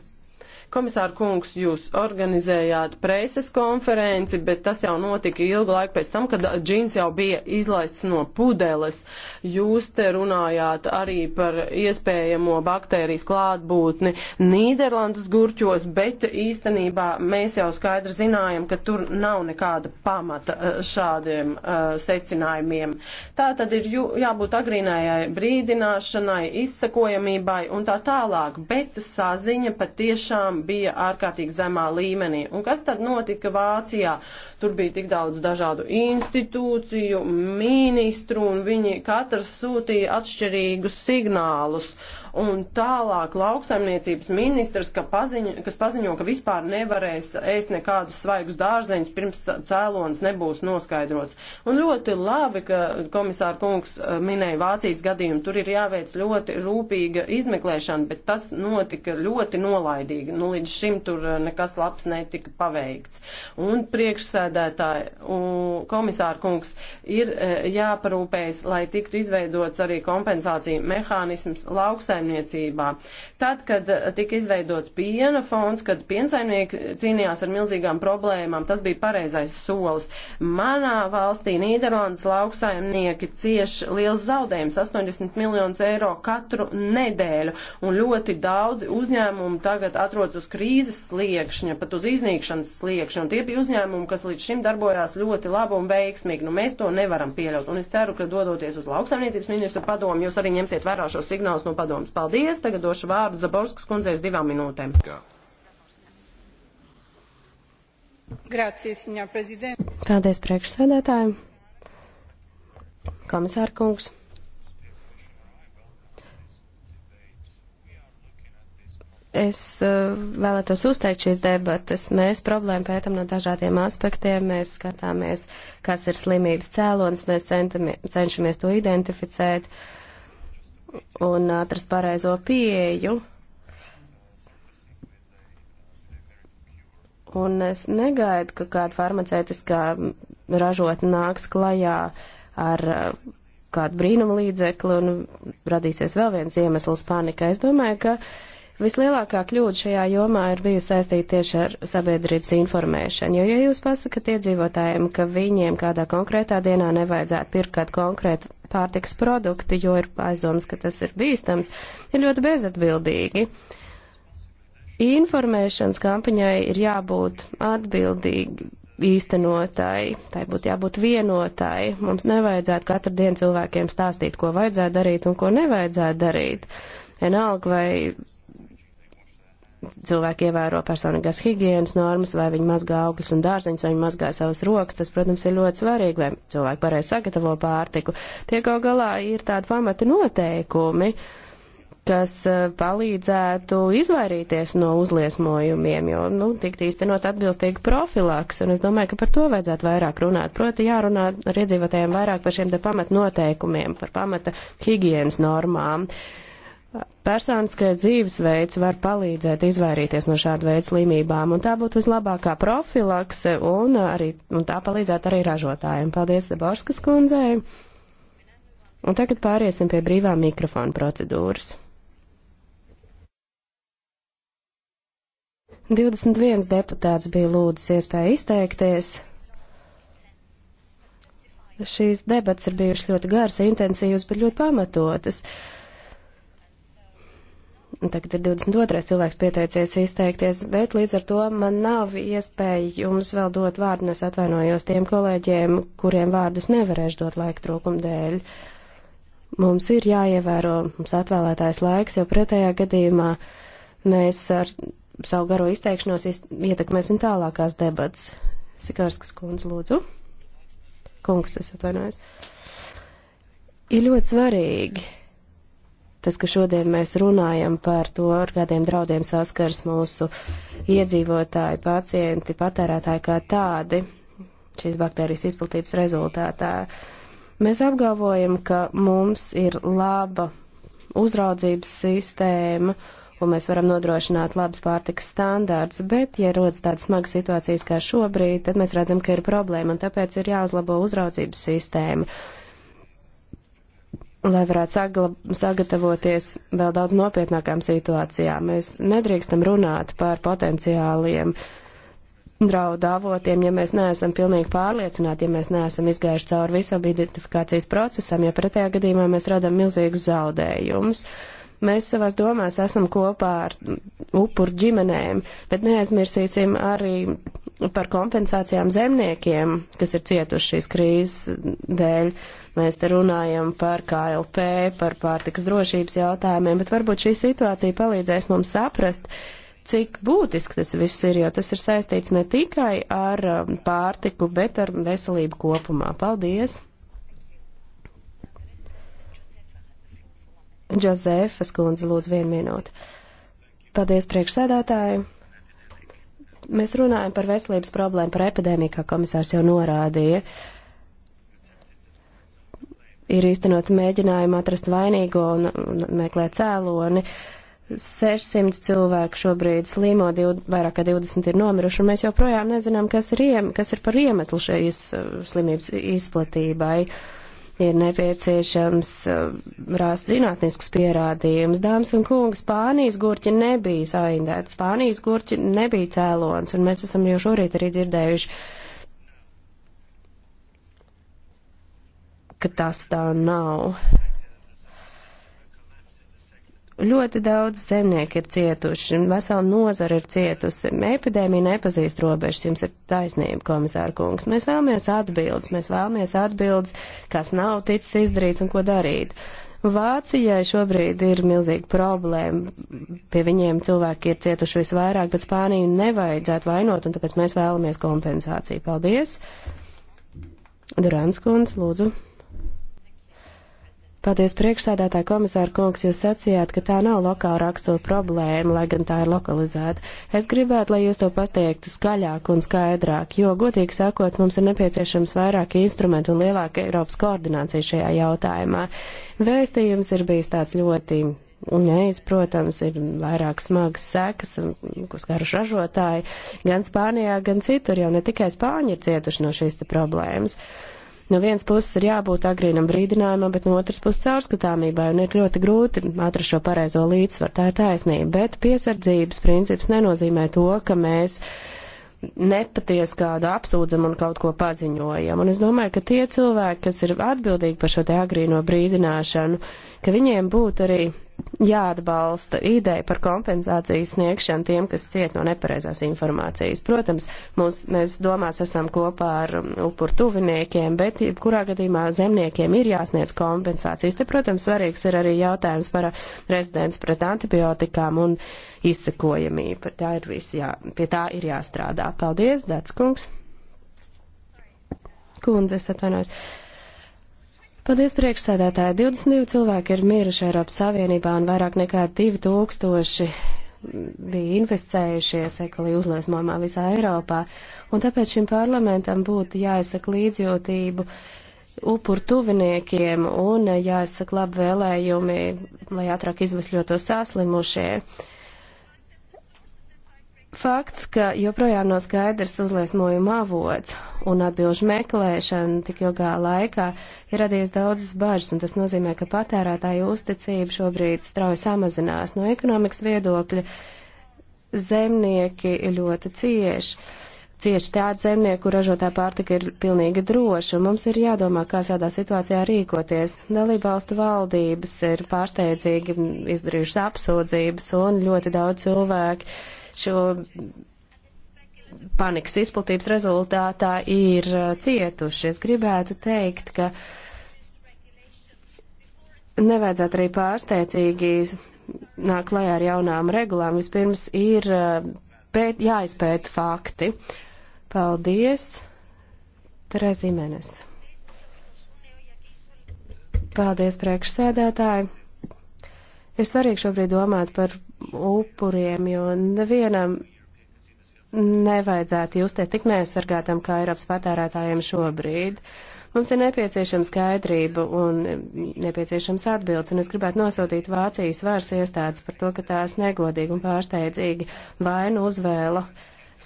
[SPEAKER 1] Komisāra kungs, jūs organizējāt preses konferenci, bet tas jau notika ilgu laiku pēc tam, kad džins jau bija izlaists no pudeles. Jūs te runājāt arī par iespējamo baktērijas klātbūtni Nīderlandes gurķos, bet īstenībā mēs jau skaidri zinājam, ka tur nav nekāda pamata eh, šādiem uh, secinājumiem. Tā tad ir jū, jābūt agrīnējai brīdināšanai, izsakojamībai un tā tālāk, bet saziņa patiešām bija ārkārtīgi zemā līmenī. Un kas tad notika Vācijā? Tur bija tik daudz dažādu institūciju, ministru, un viņi katrs sūtīja atšķirīgus signālus. Uh, un tālāk lauksaimniecības ministrs, ka paziņo, kas paziņo, ka vispār nevarēs ēst nekādus svaigus dārzeņus, pirms cēlons nebūs noskaidrots. Un ļoti labi, ka komisāra kungs eh, minēja Vācijas gadījumu, tur ir jāveic ļoti rūpīga izmeklēšana, bet tas notika ļoti nolaidīgi. Nu, līdz šim tur eh, nekas labs netika paveikts. Un priekšsēdētāji, komisāra kungs, ir eh, jāparūpējas, lai tiktu izveidots arī kompensācija mehānisms lauksaimniecības piensaimniecībā. Tad, kad eh, tika izveidots piena fonds, kad piensaimnieki cīnījās ar milzīgām problēmām, tas bija pareizais solis. Manā valstī Nīderlandes lauksaimnieki cieš liels zaudējums - 80 miljonus eiro katru nedēļu, un ļoti daudzi uzņēmumi tagad atrodas uz krīzes sliekšņa, pat uz iznīkšanas sliekšņa, un tie bija uzņēmumi, kas līdz šim darbojās ļoti labi un veiksmīgi. Nu, mēs to nevaram pieļaut, un es ceru, ka dodoties uz lauksaimniecības ministru padomu, jūs arī ņemsiet vērā šos signālus no padomas paldies. Tagad došu vārdu Zaborskas kundzei uz divām minūtēm. Grācies, viņa prezidenta.
[SPEAKER 2] Paldies, priekšsēdētāji. Komisāra kungs. es uh, vēlētos uzteikt šīs debatas. Mēs problēmu pētam no dažādiem aspektiem. Mēs skatāmies, kas ir slimības cēlonis, mēs centamies, cenšamies to identificēt. Uh, un atrast pareizo pieeju. Un es negaidu, ka kāda farmaceitiskā ražotne nāks klajā ar uh, kādu brīnumu līdzekli un radīsies vēl viens iemesls panikai. Es domāju, ka vislielākā kļūda šajā jomā ir bijusi saistīta tieši ar sabiedrības informēšanu. Jo, ja jūs pasakat iedzīvotājiem, ka viņiem kādā konkrētā dienā nevajadzētu pirkt kādu konkrētu pārtiks produkti, jo ir aizdomas, ka tas ir bīstams, ir ļoti bezatbildīgi. Informēšanas kampaņai ir jābūt atbildīgi īstenotai, tai būtu jābūt vienotai. Mums nevajadzētu katru dienu cilvēkiem stāstīt, ko vajadzētu darīt un ko nevajadzētu darīt. Vienalga, vai cilvēki ievēro personīgās higienas normas, vai viņi mazgā augļus un dārziņus, vai viņi mazgā savas rokas. Tas, protams, ir ļoti svarīgi, vai cilvēki pareizi sagatavo pārtiku. Tie kaut galā ir tādi pamata noteikumi, kas eh, palīdzētu izvairīties no uzliesmojumiem, jo, nu, tikt īstenot atbilstīgi profilaks, un es domāju, ka par to vajadzētu vairāk runāt. Proti, jārunā ar iedzīvotājiem vairāk par šiem te pamata noteikumiem, par pamata higienas normām. Uh, personiskais dzīvesveids var palīdzēt izvairīties no šāda veida slimībām, un tā būtu vislabākā profilakse, un, uh, arī, un tā palīdzētu arī ražotājiem. Paldies Zaborskas kundzei! Un tagad pāriesim pie brīvā mikrofona procedūras. 21 deputāts bija lūdzis iespēju izteikties. Šīs debats ir bijušas ļoti garas, intensīvas, bet ļoti pamatotas. Uh, Tagad ir 22. cilvēks pieteicies izteikties, bet līdz ar to man nav iespēja jums vēl dot vārdu, un es atvainojos tiem kolēģiem, kuriem vārdus nevarēšu dot laika trūkuma dēļ. Mums ir jāievēro mums atvēlētais laiks, jo pretējā gadījumā mēs ar savu garo izteikšanos ietekmēsim tālākās debats. Sikarskas kundze, lūdzu. Kungs, es atvainojos. Ir ļoti svarīgi Tas, ka šodien mēs runājam par to, ar kādiem draudiem saskars mūsu iedzīvotāji, pacienti, patērētāji kā tādi šīs baktērijas izplatības rezultātā. Mēs apgalvojam, ka mums ir laba uzraudzības sistēma, un mēs varam nodrošināt labas pārtikas standārts, bet, ja rodas tādas smagas situācijas kā šobrīd, tad mēs redzam, ka ir problēma, un tāpēc ir jāuzlabo uzraudzības sistēma lai varētu sagatavoties vēl daudz nopietnākām situācijām. Mēs nedrīkstam runāt par potenciāliem draudu avotiem, ja mēs neesam pilnīgi pārliecināti, ja mēs neesam izgājuši cauri visam identifikācijas procesam, ja pretējā gadījumā mēs radam milzīgus zaudējumus. Mēs savās domās esam kopā ar upuru ģimenēm, bet neaizmirsīsim arī par kompensācijām zemniekiem, kas ir cietuši šīs krīzes dēļ. Uh, Mēs te runājam par KLP, par pārtikas drošības jautājumiem, bet varbūt šī situācija palīdzēs mums saprast, cik būtiski tas viss ir, jo tas ir saistīts ne tikai ar um, pārtiku, bet ar veselību kopumā. Paldies! Džozefas kundze, lūdzu, vienu minūti. Paldies priekšsēdētāju. Mēs runājam par veselības problēmu, par epidēmiju, kā komisārs jau norādīja. Uh, ir īstenot mēģinājumu atrast vainīgo un meklēt cēloni. 600 cilvēku šobrīd slīmo, div, vairāk kā 20 ir nomiruši, un mēs joprojām nezinām, kas ir, iem, kas ir par iemeslu šai iz, uh, slimības izplatībai. Ir nepieciešams uh, rāst zinātniskus pierādījumus. Dāmas un kungi, Spānijas gurķi nebija saindēti, Spānijas gurķi nebija cēlons, un mēs esam jau šorīt arī dzirdējuši uh, ka tas tā nav. Ļoti daudz zemnieki ir cietuši, vesela nozara ir cietusi. Epidēmija nepazīst robežas, jums ir taisnība, komisāra kungs. Mēs vēlamies atbildes, mēs vēlamies atbildes, kas nav ticis izdarīts un ko darīt. Vācijai šobrīd ir milzīga problēma. Pie viņiem cilvēki ir cietuši visvairāk, bet Spāniju nevajadzētu vainot, un tāpēc mēs vēlamies kompensāciju. Paldies! Durants Kunds, lūdzu. Paldies priekšsēdētāji komisāra kungs, jūs sacījāt, ka tā nav lokāla rakstura problēma, lai gan tā ir lokalizēta. Es gribētu, lai jūs to pateiktu skaļāk un skaidrāk, jo, godīgi sakot, mums ir nepieciešams vairāk instrumentu un lielāka Eiropas koordinācija šajā jautājumā. Vēstījums ir bijis tāds ļoti. Neiz, protams, ir vairāk smagas sekas, ko skaruši ražotāji, gan Spānijā, gan citur, jo ne tikai Spāņi ir cietuši no šīs problēmas. Uh, No vienas puses ir jābūt agrīnam brīdinājumam, bet no otras puses caurskatāmībai, un ir ļoti grūti atrast šo pareizo līdzsvaru, tā ir taisnība. Bet piesardzības princips nenozīmē to, ka mēs nepaties kādu apsūdzam un kaut ko paziņojam. Un es domāju, ka tie cilvēki, kas ir atbildīgi par šo te agrīno brīdināšanu, ka viņiem būtu arī jāatbalsta ideja par kompensāciju sniegšanu tiem, kas ciet no nepareizās informācijas. Protams, mums, mēs domās esam kopā ar um, upur tuviniekiem, bet kurā gadījumā zemniekiem ir jāsniedz kompensācijas. Te, protams, svarīgs ir arī jautājums par rezidents pret antibiotikām un izsekojamību. Tā ir visi, jā, pie tā ir jāstrādā. Paldies, Dats kungs. Kundze, es atvainojos. Uh, Paldies, priekšsēdētāji. 22 cilvēki ir miruši Eiropas Savienībā un vairāk nekā 2000 bija investējušies ekolī uzliesmojumā visā Eiropā. Un tāpēc šim parlamentam būtu jāizsaka līdzjūtību upuru tuviniekiem un jāizsaka labvēlējumi, lai ātrāk izvesļotos saslimušie. Uh, Fakts, ka joprojām nav no skaidrs uzliesmojuma avots un atbilžu meklēšana tik ilgā laikā ir radījis daudzas bažas, un tas nozīmē, ka patērētāju uzticība šobrīd strauji samazinās. No ekonomikas viedokļa zemnieki ļoti cieši. Cieši tāda zemnieku ražotā pārtika ir pilnīgi droša, un mums ir jādomā, kā šādā situācijā rīkoties. Dalībvalstu valdības ir pārsteidzīgi izdarījušas apsūdzības, un ļoti daudz cilvēku šo panikas izplatības rezultātā ir uh, cietuši. Es gribētu teikt, ka nevajadzētu arī pārsteidzīgi nāk klajā ar jaunām regulām. Vispirms ir uh, pēt, jāizpēta fakti. Paldies, Terezi Menes. Paldies, priekšsēdētāji. Ir svarīgi šobrīd domāt par upuriem, jo nevienam nevajadzētu justies tik neaizsargātam kā Eiropas patērētājiem šobrīd. Mums ir nepieciešama skaidrība un nepieciešams atbildes, un es gribētu nosūtīt Vācijas vārs iestādes par to, ka tās negodīgi un pārsteidzīgi vainu uzvēla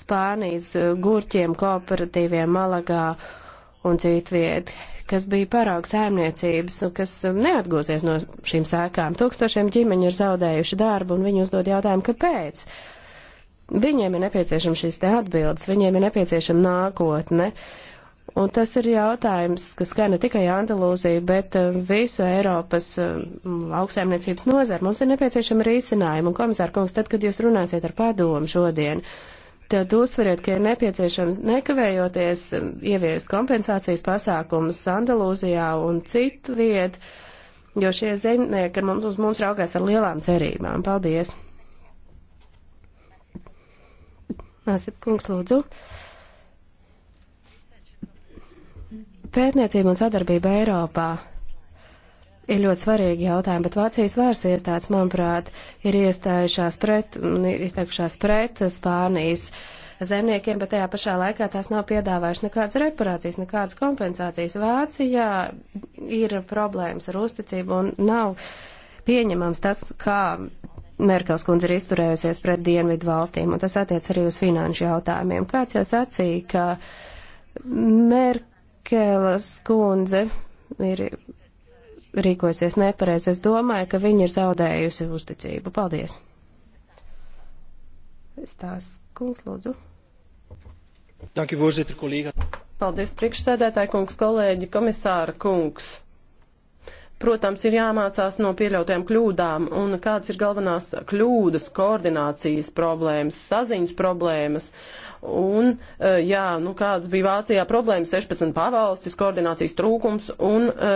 [SPEAKER 2] Spānijas gurķiem, kooperatīviem Malagā un citviet, kas bija paraugs ēmniecības, kas neatgūsies no šīm sēkām. Tūkstošiem ģimeņu ir zaudējuši darbu, un viņi uzdod jautājumu, kāpēc. Viņiem ir nepieciešama šīs te atbildes, viņiem ir nepieciešama nākotne. Un tas ir jautājums, kas skar ne tikai Andalūziju, bet uh, visu Eiropas uh, lauksēmniecības nozaru. Mums ir nepieciešama risinājuma. Un, komisār kungs, tad, kad jūs runāsiet ar padomu šodien, uh, tad uzsveriet, ka ir nepieciešams nekavējoties um, ieviest kompensācijas pasākumus Andalūzijā un citu vietu, jo šie zemnieki mums, uz mums raugās ar lielām cerībām. Paldies! Māsip kungs, lūdzu. Pētniecība un sadarbība Eiropā ir ļoti svarīgi jautājumi, bet Vācijas vairs iestādes, manuprāt, ir iestājušās pret, izteikušās pret Spānijas zemniekiem, bet tajā pašā laikā tās nav piedāvājušas nekādas reparācijas, nekādas kompensācijas. Vācijā ir problēmas ar uzticību un nav pieņemams tas, kā Merkels kundze ir izturējusies pret dienvidu valstīm, un tas attiec arī uz finanšu jautājumiem. Kāds jau sacīja, ka Merkelas kundze ir rīkosies nepareizi. Es domāju, ka viņa ir zaudējusi uzticību. Paldies!
[SPEAKER 1] Stās kungs, lūdzu. Dank u voorzitter, collega. Paldies, priekšsēdētāji kungs, kolēģi, komisāra kungs. Protams, ir jāmācās no pieļautajām kļūdām un kādas ir galvenās kļūdas, koordinācijas problēmas, saziņas problēmas. Un, e, jā, nu kādas bija Vācijā problēmas, 16 pavalstis, koordinācijas trūkums un e,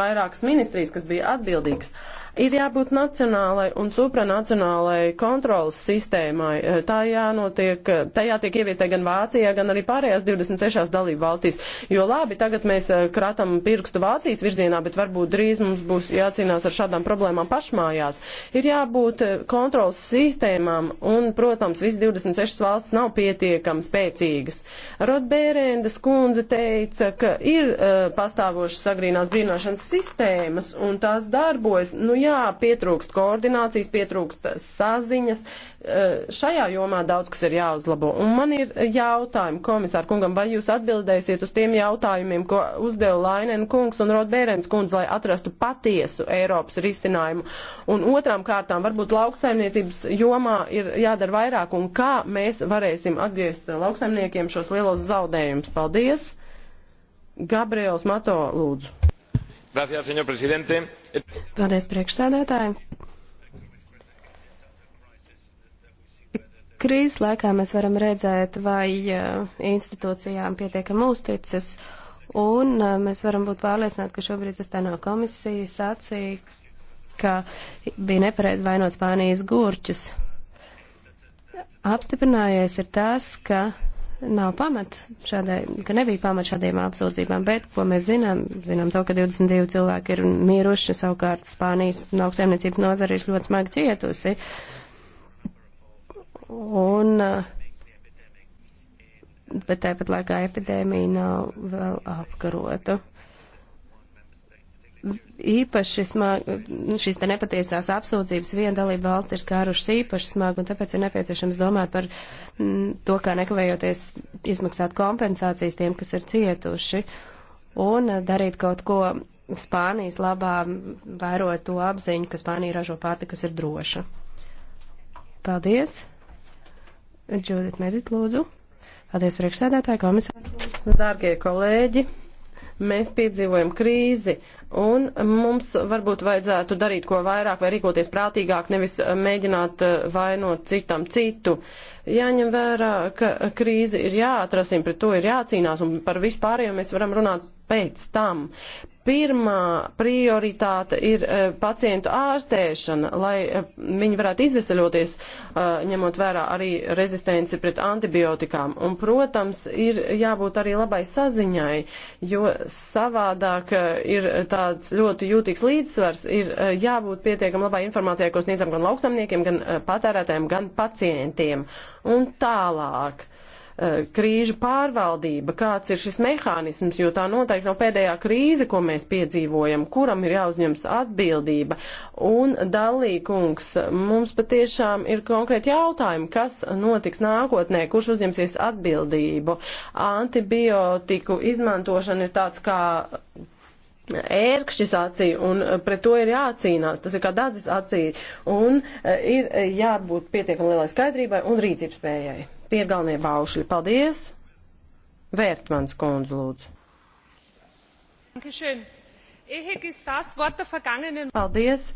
[SPEAKER 1] vairākas ministrijas, kas bija atbildīgas. Uh, Ir jābūt nacionālai un supranacionālai kontrolas sistēmai. Eh, tā jānotiek, eh, tā jātiek ieviestē gan Vācijā, gan arī pārējās 26 dalību valstīs. Jo labi, tagad mēs eh, kratam pirkstu Vācijas virzienā, bet varbūt drīz mums būs jācīnās ar šādām problēmām pašmājās. Ir jābūt kontrolas sistēmām un, protams, viss 26 valsts nav pietiekami spēcīgas. Rodbērēndas kundze teica, ka ir uh, pastāvošas agrīnās brīnāšanas sistēmas un tās darbojas. Nu, jā, Jā, pietrūkst koordinācijas, pietrūkst saziņas. Eh, šajā jomā daudz kas ir jāuzlabo. Un man ir jautājumi komisāru kungam, vai jūs atbildēsiet uz tiem jautājumiem, ko uzdeva Lainen kungs un Rodbērens kundze, lai atrastu patiesu Eiropas risinājumu. Un otrām kārtām varbūt lauksaimniecības jomā ir jādara vairāk un kā mēs varēsim atgriezt lauksaimniekiem šos lielos zaudējumus. Paldies! Gabriels Mato, lūdzu.
[SPEAKER 2] Gracias, señor presidente.
[SPEAKER 1] Paldies, priekšsēdētāji.
[SPEAKER 2] Krīzes laikā mēs varam redzēt, vai eh, institūcijām pietiekam uzticas, un eh, mēs varam būt pārliecināti, ka šobrīd tas tā no komisijas sacīja, ka bija nepareizi vainot Spānijas gurķus. Apstiprinājies ir tas, ka nav pamat šādai, ka nebija pamat šādiem apsūdzībām, bet, ko mēs zinām, zinām to, ka 22 cilvēki ir mīruši, savukārt Spānijas augstsēmniecības nozara ir ļoti smagi cietusi. Un, eh, bet tāpat laikā epidēmija nav vēl apkarota īpaši smagi, šīs te nepatiesās apsūdzības viena dalība valsts ir skārušas īpaši smagi, un tāpēc ir nepieciešams domāt par m, mm, to, kā nekavējoties izmaksāt kompensācijas tiem, kas ir cietuši, un darīt kaut ko Spānijas labā, vērot to apziņu, ka Spānija ražo pārtiku, kas ir droša. Paldies! Džudit Medit, lūdzu! Paldies, priekšsēdētāji, komisāri!
[SPEAKER 1] Dārgie kolēģi! Mēs piedzīvojam krīzi, un mums varbūt vajadzētu darīt ko vairāk vai rīkoties prātīgāk, nevis mēģināt eh, vainot citam citu. Jāņem vērā, ka krīze ir jāatrasim, pret to ir jācīnās, un par vispārējo mēs varam runāt pēc tam. Pirmā prioritāte ir eh, pacientu ārstēšana, lai eh, viņi varētu izveseļoties, eh, ņemot vērā arī rezistenci pret antibiotikām. Un, protams, ir jābūt arī labai saziņai, jo savādāk ir tāds ļoti jūtīgs līdzsvars, ir jābūt pietiekam labai informācijai, ko sniedzam gan lauksamniekiem, gan patērētājiem, gan pacientiem. Un tālāk. Uh, Eh, krīžu pārvaldība, kāds ir šis mehānisms, jo tā noteikti nav no pēdējā krīze, ko mēs piedzīvojam, kuram ir jāuzņems atbildība. Un dalīkungs, mums patiešām ir konkrēti jautājumi, kas notiks nākotnē, kurš uzņemsies atbildību. Antibiotiku izmantošana ir tāds kā ērkšķis acī, un eh, pret to ir jācīnās. Tas ir kā dadzis acī, un eh, ir jābūt pietiekami lielai skaidrībai un rīcības spējai. Piergalnie baušļi. Paldies! Vērtmans kundze, lūdzu. Paldies!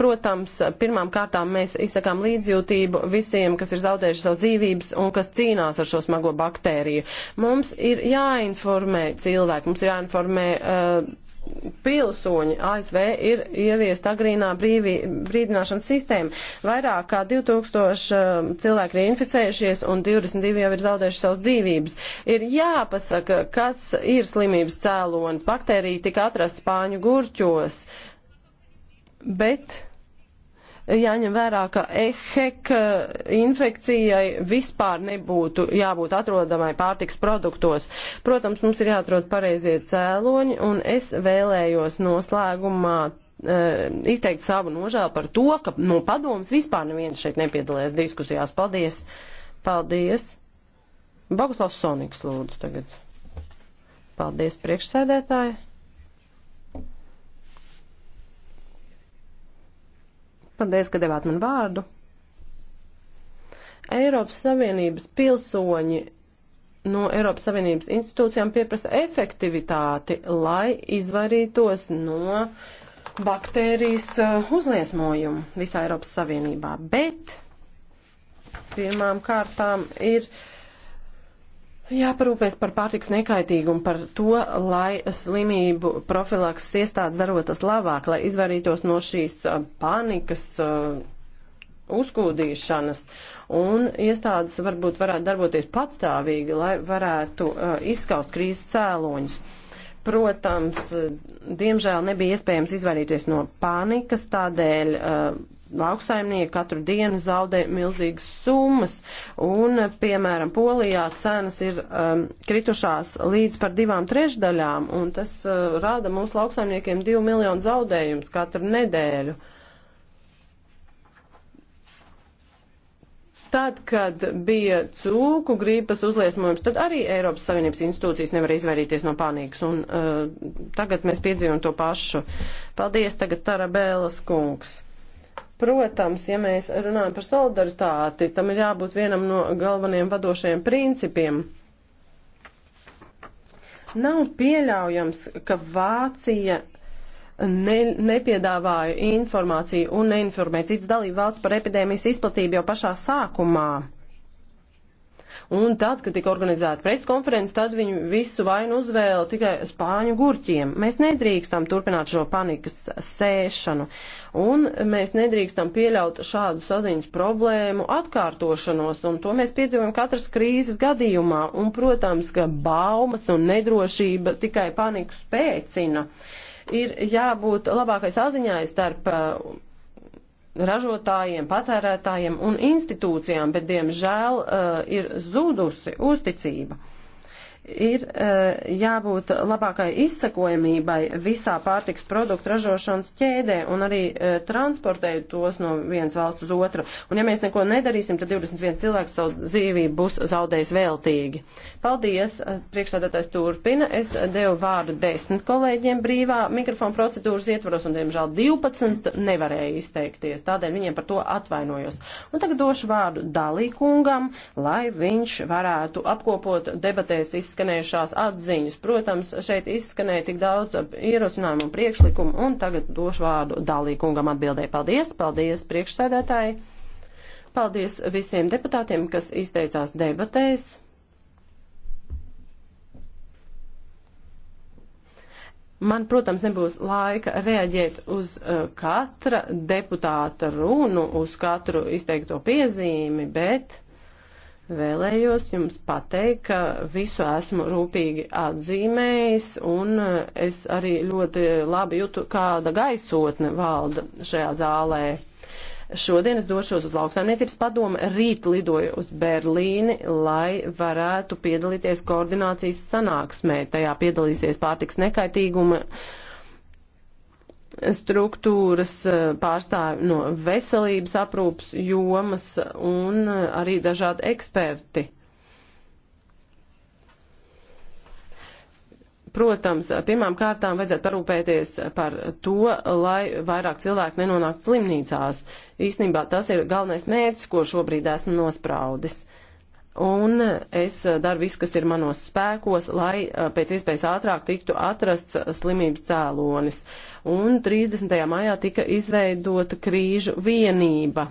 [SPEAKER 1] Protams, pirmām kārtām mēs izsakām līdzjūtību visiem, kas ir zaudējuši savu dzīvības un kas cīnās ar šo smago baktēriju. Mums ir jāinformē cilvēki, mums ir jāinformē uh, pilsoņi ASV ir ieviest agrīnā brīvi, brīdināšanas sistēmu. Vairāk kā 2000 um, cilvēki ir inficējušies un 22 jau ir zaudējuši savus dzīvības. Ir jāpasaka, kas ir slimības cēlonis. Baktērija tika atrasta spāņu gurķos, bet jāņem vērā, ka ehek infekcijai vispār nebūtu jābūt atrodamai pārtiks produktos. Protams, mums ir jāatrod pareizie cēloņi, un es vēlējos noslēgumā e, izteikt savu nožēlu par to, ka no padomas vispār neviens šeit nepiedalījās diskusijās. Paldies! Paldies! Boguslavs Soniks lūdzu tagad. Paldies priekšsēdētāji! Paldies, ka devāt man vārdu. Eiropas Savienības pilsoņi no Eiropas Savienības institūcijām pieprasa efektivitāti, lai izvairītos no baktērijas eh, uzliesmojumu visā Eiropas Savienībā. Bet pirmām kārtām ir uh, Jāparūpēs par pārtiks nekaitīgumu, par to, lai slimību profilaks iestādes darotas labāk, lai izvairītos no šīs uh, panikas uh, uzkūdīšanas. Un iestādes varbūt varētu darboties patstāvīgi, lai varētu uh, izskaust krīzes cēloņus. Protams, diemžēl nebija iespējams izvairīties no panikas, tādēļ lauksaimnieki katru dienu zaudē milzīgas summas, un, piemēram, Polijā cenas ir um, kritušās līdz par divām trešdaļām, un tas uh, rāda mūsu lauksaimniekiem divu miljonu zaudējumus katru nedēļu. Tad, kad bija cūku grīpas uzliesmojums, tad arī Eiropas Savienības institūcijas nevar izvairīties no panikas, un uh, tagad mēs piedzīvojam to pašu. Paldies, tagad Tarabēlas kungs. Protams, ja mēs runājam par solidaritāti, tam ir jābūt vienam no galvenajiem vadošajiem principiem. Nav pieļaujams, ka Vācija ne, nepiedāvāja informāciju un neinformēja citas dalību valsts par epidēmijas izplatību jau pašā sākumā. Un tad, kad tika organizēta preskonferences, tad viņi visu vainu uzvēla tikai spāņu gurķiem. Mēs nedrīkstam turpināt šo panikas sēšanu. Un mēs nedrīkstam pieļaut šādu saziņas problēmu atkārtošanos. Un to mēs piedzīvojam katras krīzes gadījumā. Un, protams, ka baumas un nedrošība tikai paniku spēcina. Ir jābūt labākai saziņai starp uh, ražotājiem, patērētājiem un institūcijām, bet diemžēl uh, ir zudusi uzticība ir eh, jābūt labākai izsakojamībai visā pārtiks produktu ražošanas ķēdē un arī eh, transportēju tos no vienas valsts uz otru. Un ja mēs neko nedarīsim, tad 21 cilvēks savu dzīvību būs zaudējis vēltīgi. Paldies, eh, priekšstādātais turpina. Es devu vārdu desmit kolēģiem brīvā mikrofona procedūras ietvaros un, diemžēl, 12 nevarēja izteikties. Tādēļ viņiem par to atvainojos. Un tagad došu vārdu Dalī kungam, lai viņš varētu apkopot debatēs izsakojamību izskanējušās atziņas. Protams, šeit izskanēja tik daudz ierosinājumu un priekšlikumu, un tagad došu vārdu dalīkungam atbildēji. Paldies, paldies priekšsēdētāji, paldies visiem deputātiem, kas izteicās debatēs. Man, protams, nebūs laika reaģēt uz uh, katra deputāta runu, uz katru izteikto piezīmi, bet Vēlējos jums pateikt, ka visu esmu rūpīgi atzīmējis, un es arī ļoti labi jūtu, kāda gaisotne valda šajā zālē. Šodien es došos uz lauksaimniecības padomu, rīt lidoju uz Berlīni, lai varētu piedalīties koordinācijas sanāksmē. Tajā piedalīsies pārtiks nekaitīguma struktūras eh, pārstāvi no veselības aprūpas jomas un eh, arī dažādi eksperti. Protams, pirmām kārtām vajadzētu parūpēties par to, lai vairāk cilvēku nenonāktu slimnīcās. Īsnībā tas ir galvenais mērķis, ko šobrīd esmu nospraudis un es eh, daru visu, kas ir manos spēkos, lai eh, pēc iespējas ātrāk tiktu atrasts eh, slimības cēlonis. Un 30. maijā tika izveidota krīžu vienība.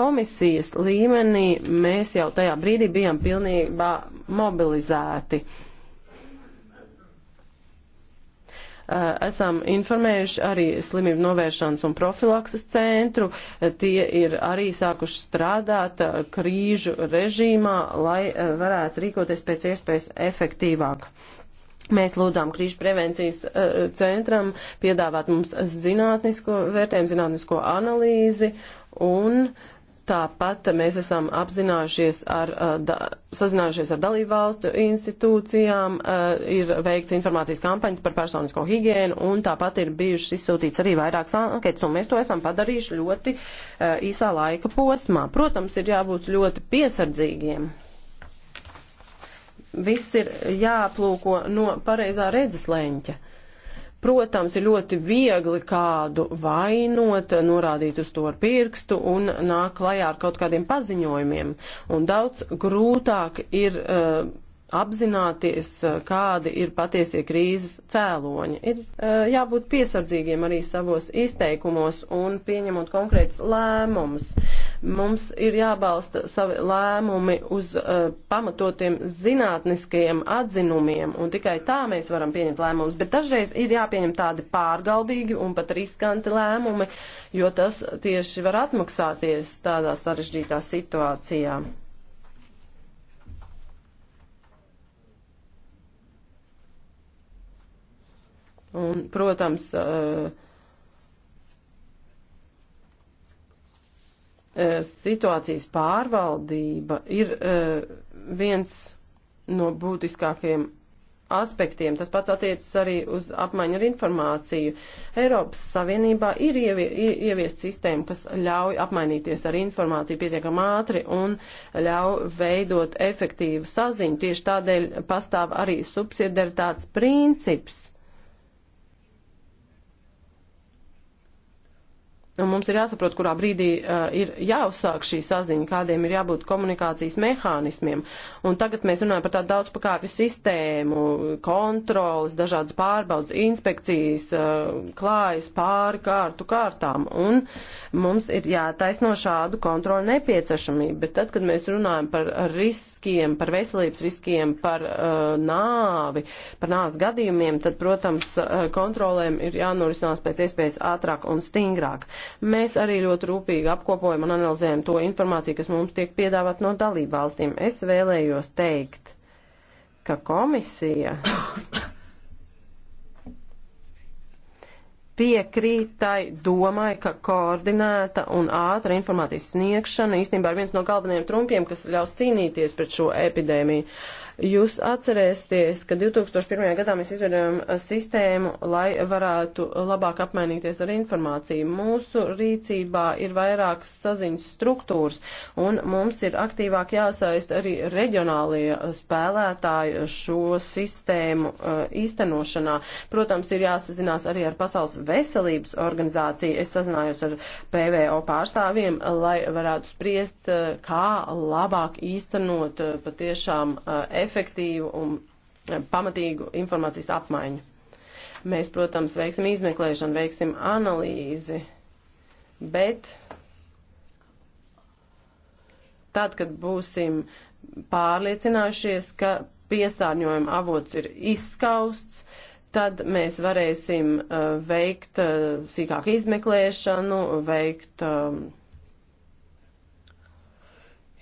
[SPEAKER 1] Komisijas līmenī mēs jau tajā brīdī bijām pilnībā mobilizēti. Uh, Eh, esam informējuši arī slimību novēršanas un profilakses centru. Eh, tie ir arī sākuši strādāt eh, krīžu režīmā, lai varētu rīkoties pēc iespējas efektīvāk. Mēs lūdzām krīžu prevencijas centram piedāvāt mums zinātnisko vērtējumu, zinātnisko analīzi un uh, Tāpat mēs esam apzinājušies ar, da, sazinājušies ar dalībvalstu institūcijām, ir veikts informācijas kampaņas par personisko higienu un tāpat ir bijušas izsūtīts arī vairākas anketas un mēs to esam padarījuši ļoti īsā laika posmā. Protams, ir jābūt ļoti piesardzīgiem. Viss ir jāplūko no pareizā redzeslēņķa. Protams, ir ļoti viegli kādu vainot, norādīt uz to ar pirkstu un nāk klajā ar kaut kādiem paziņojumiem. Un daudz grūtāk ir uh, apzināties, eh, kādi ir patiesie krīzes cēloņi. Ir uh, jābūt piesardzīgiem arī savos izteikumos un pieņemot konkrētus lēmumus. Uh, Mums ir jābalsta savi lēmumi uz uh, pamatotiem zinātniskajiem atzinumiem, un tikai tā mēs varam pieņemt lēmumus. Bet dažreiz ir jāpieņem tādi pārgalbīgi un pat riskanti lēmumi, jo tas tieši var atmaksāties tādā sarežģītā situācijā. Un, protams, uh, E, situācijas pārvaldība ir e, viens no būtiskākajiem aspektiem. Tas pats attiecas arī uz apmaiņu ar informāciju. Eiropas Savienībā ir ievie, ieviest sistēma, kas ļauj apmainīties ar informāciju pietiekam ātri un ļauj veidot efektīvu saziņu. Tieši tādēļ pastāv arī subsidiaritātes princips Un mums ir jāsaprot, kurā brīdī uh, ir jāuzsāk šī saziņa, kādiem ir jābūt komunikācijas mehānismiem. Un tagad mēs runājam par tādu daudzpakāpju sistēmu, kontrolas, dažādas pārbaudas, inspekcijas, uh, klājas pāri kārtu kārtām. Un mums ir jātaisno šādu kontroli nepieciešamību. Bet tad, kad mēs runājam par riskiem, par veselības riskiem, par uh, nāvi, par nāves gadījumiem, tad, protams, uh, kontrolēm ir jānorisinās pēc iespējas ātrāk un stingrāk. Mēs arī ļoti rūpīgi apkopojam un analizējam to informāciju, kas mums tiek piedāvāt no dalību valstīm. Es vēlējos teikt, ka komisija piekrītai domai, ka koordinēta un ātra informācijas sniegšana īstenībā ir viens no galvenajiem trumpiem, kas ļaus cīnīties pret šo epidēmiju. Jūs atcerēsieties, ka 2001. gadā mēs izveidojām sistēmu, lai varētu labāk apmainīties ar informāciju. Mūsu rīcībā ir vairākas saziņas struktūras, un mums ir aktīvāk jāsaist arī reģionālie spēlētāji šo sistēmu uh, īstenošanā. Protams, ir jāsazinās arī ar Pasaules veselības organizāciju. Es sazinājos ar PVO pārstāvjiem, lai varētu spriest, uh, kā labāk īstenot uh, patiešām efektīvi efektīvu un eh, pamatīgu informācijas apmaiņu. Mēs, protams, veiksim izmeklēšanu, veiksim analīzi, bet tad, kad būsim pārliecinājušies, ka piesārņojuma avots ir izskausts, tad mēs varēsim uh, veikt uh, sīkāku izmeklēšanu, veikt uh,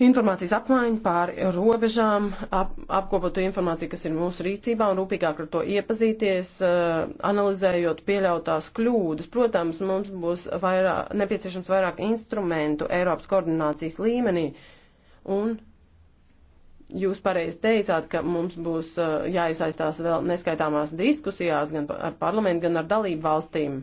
[SPEAKER 1] informācijas apmaiņu pāri robežām, ap, apkopotu informāciju, kas ir mūsu rīcībā un rūpīgāk ar to iepazīties, eh, analizējot pieļautās kļūdas. Protams, mums būs vairāk, nepieciešams vairāk instrumentu Eiropas koordinācijas līmenī un jūs pareizi teicāt, ka mums būs eh, jāiesaistās vēl neskaitāmās diskusijās gan ar parlamentu, gan ar dalību valstīm.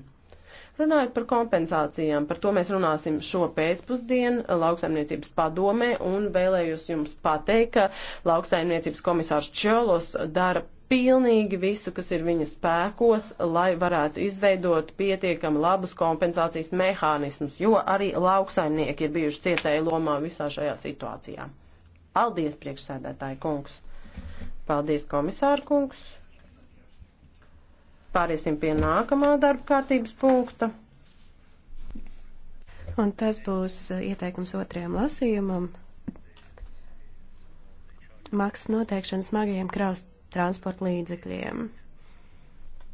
[SPEAKER 1] Runājot par kompensācijām, par to mēs runāsim šo pēcpusdienu lauksaimniecības padomē un vēlējos jums pateikt, ka lauksaimniecības komisārs Čolos dara pilnīgi visu, kas ir viņa spēkos, lai varētu izveidot pietiekami labus kompensācijas mehānismus, jo arī lauksaimnieki ir bijuši cietēji lomā visā šajā situācijā. Paldies, priekšsēdētāji kungs! Paldies, komisāra kungs! Pāriesim pie nākamā darba kārtības punkta.
[SPEAKER 2] Un tas būs ieteikums otrajam lasījumam. Maksas noteikšana smagajiem kraus transporta līdzekļiem.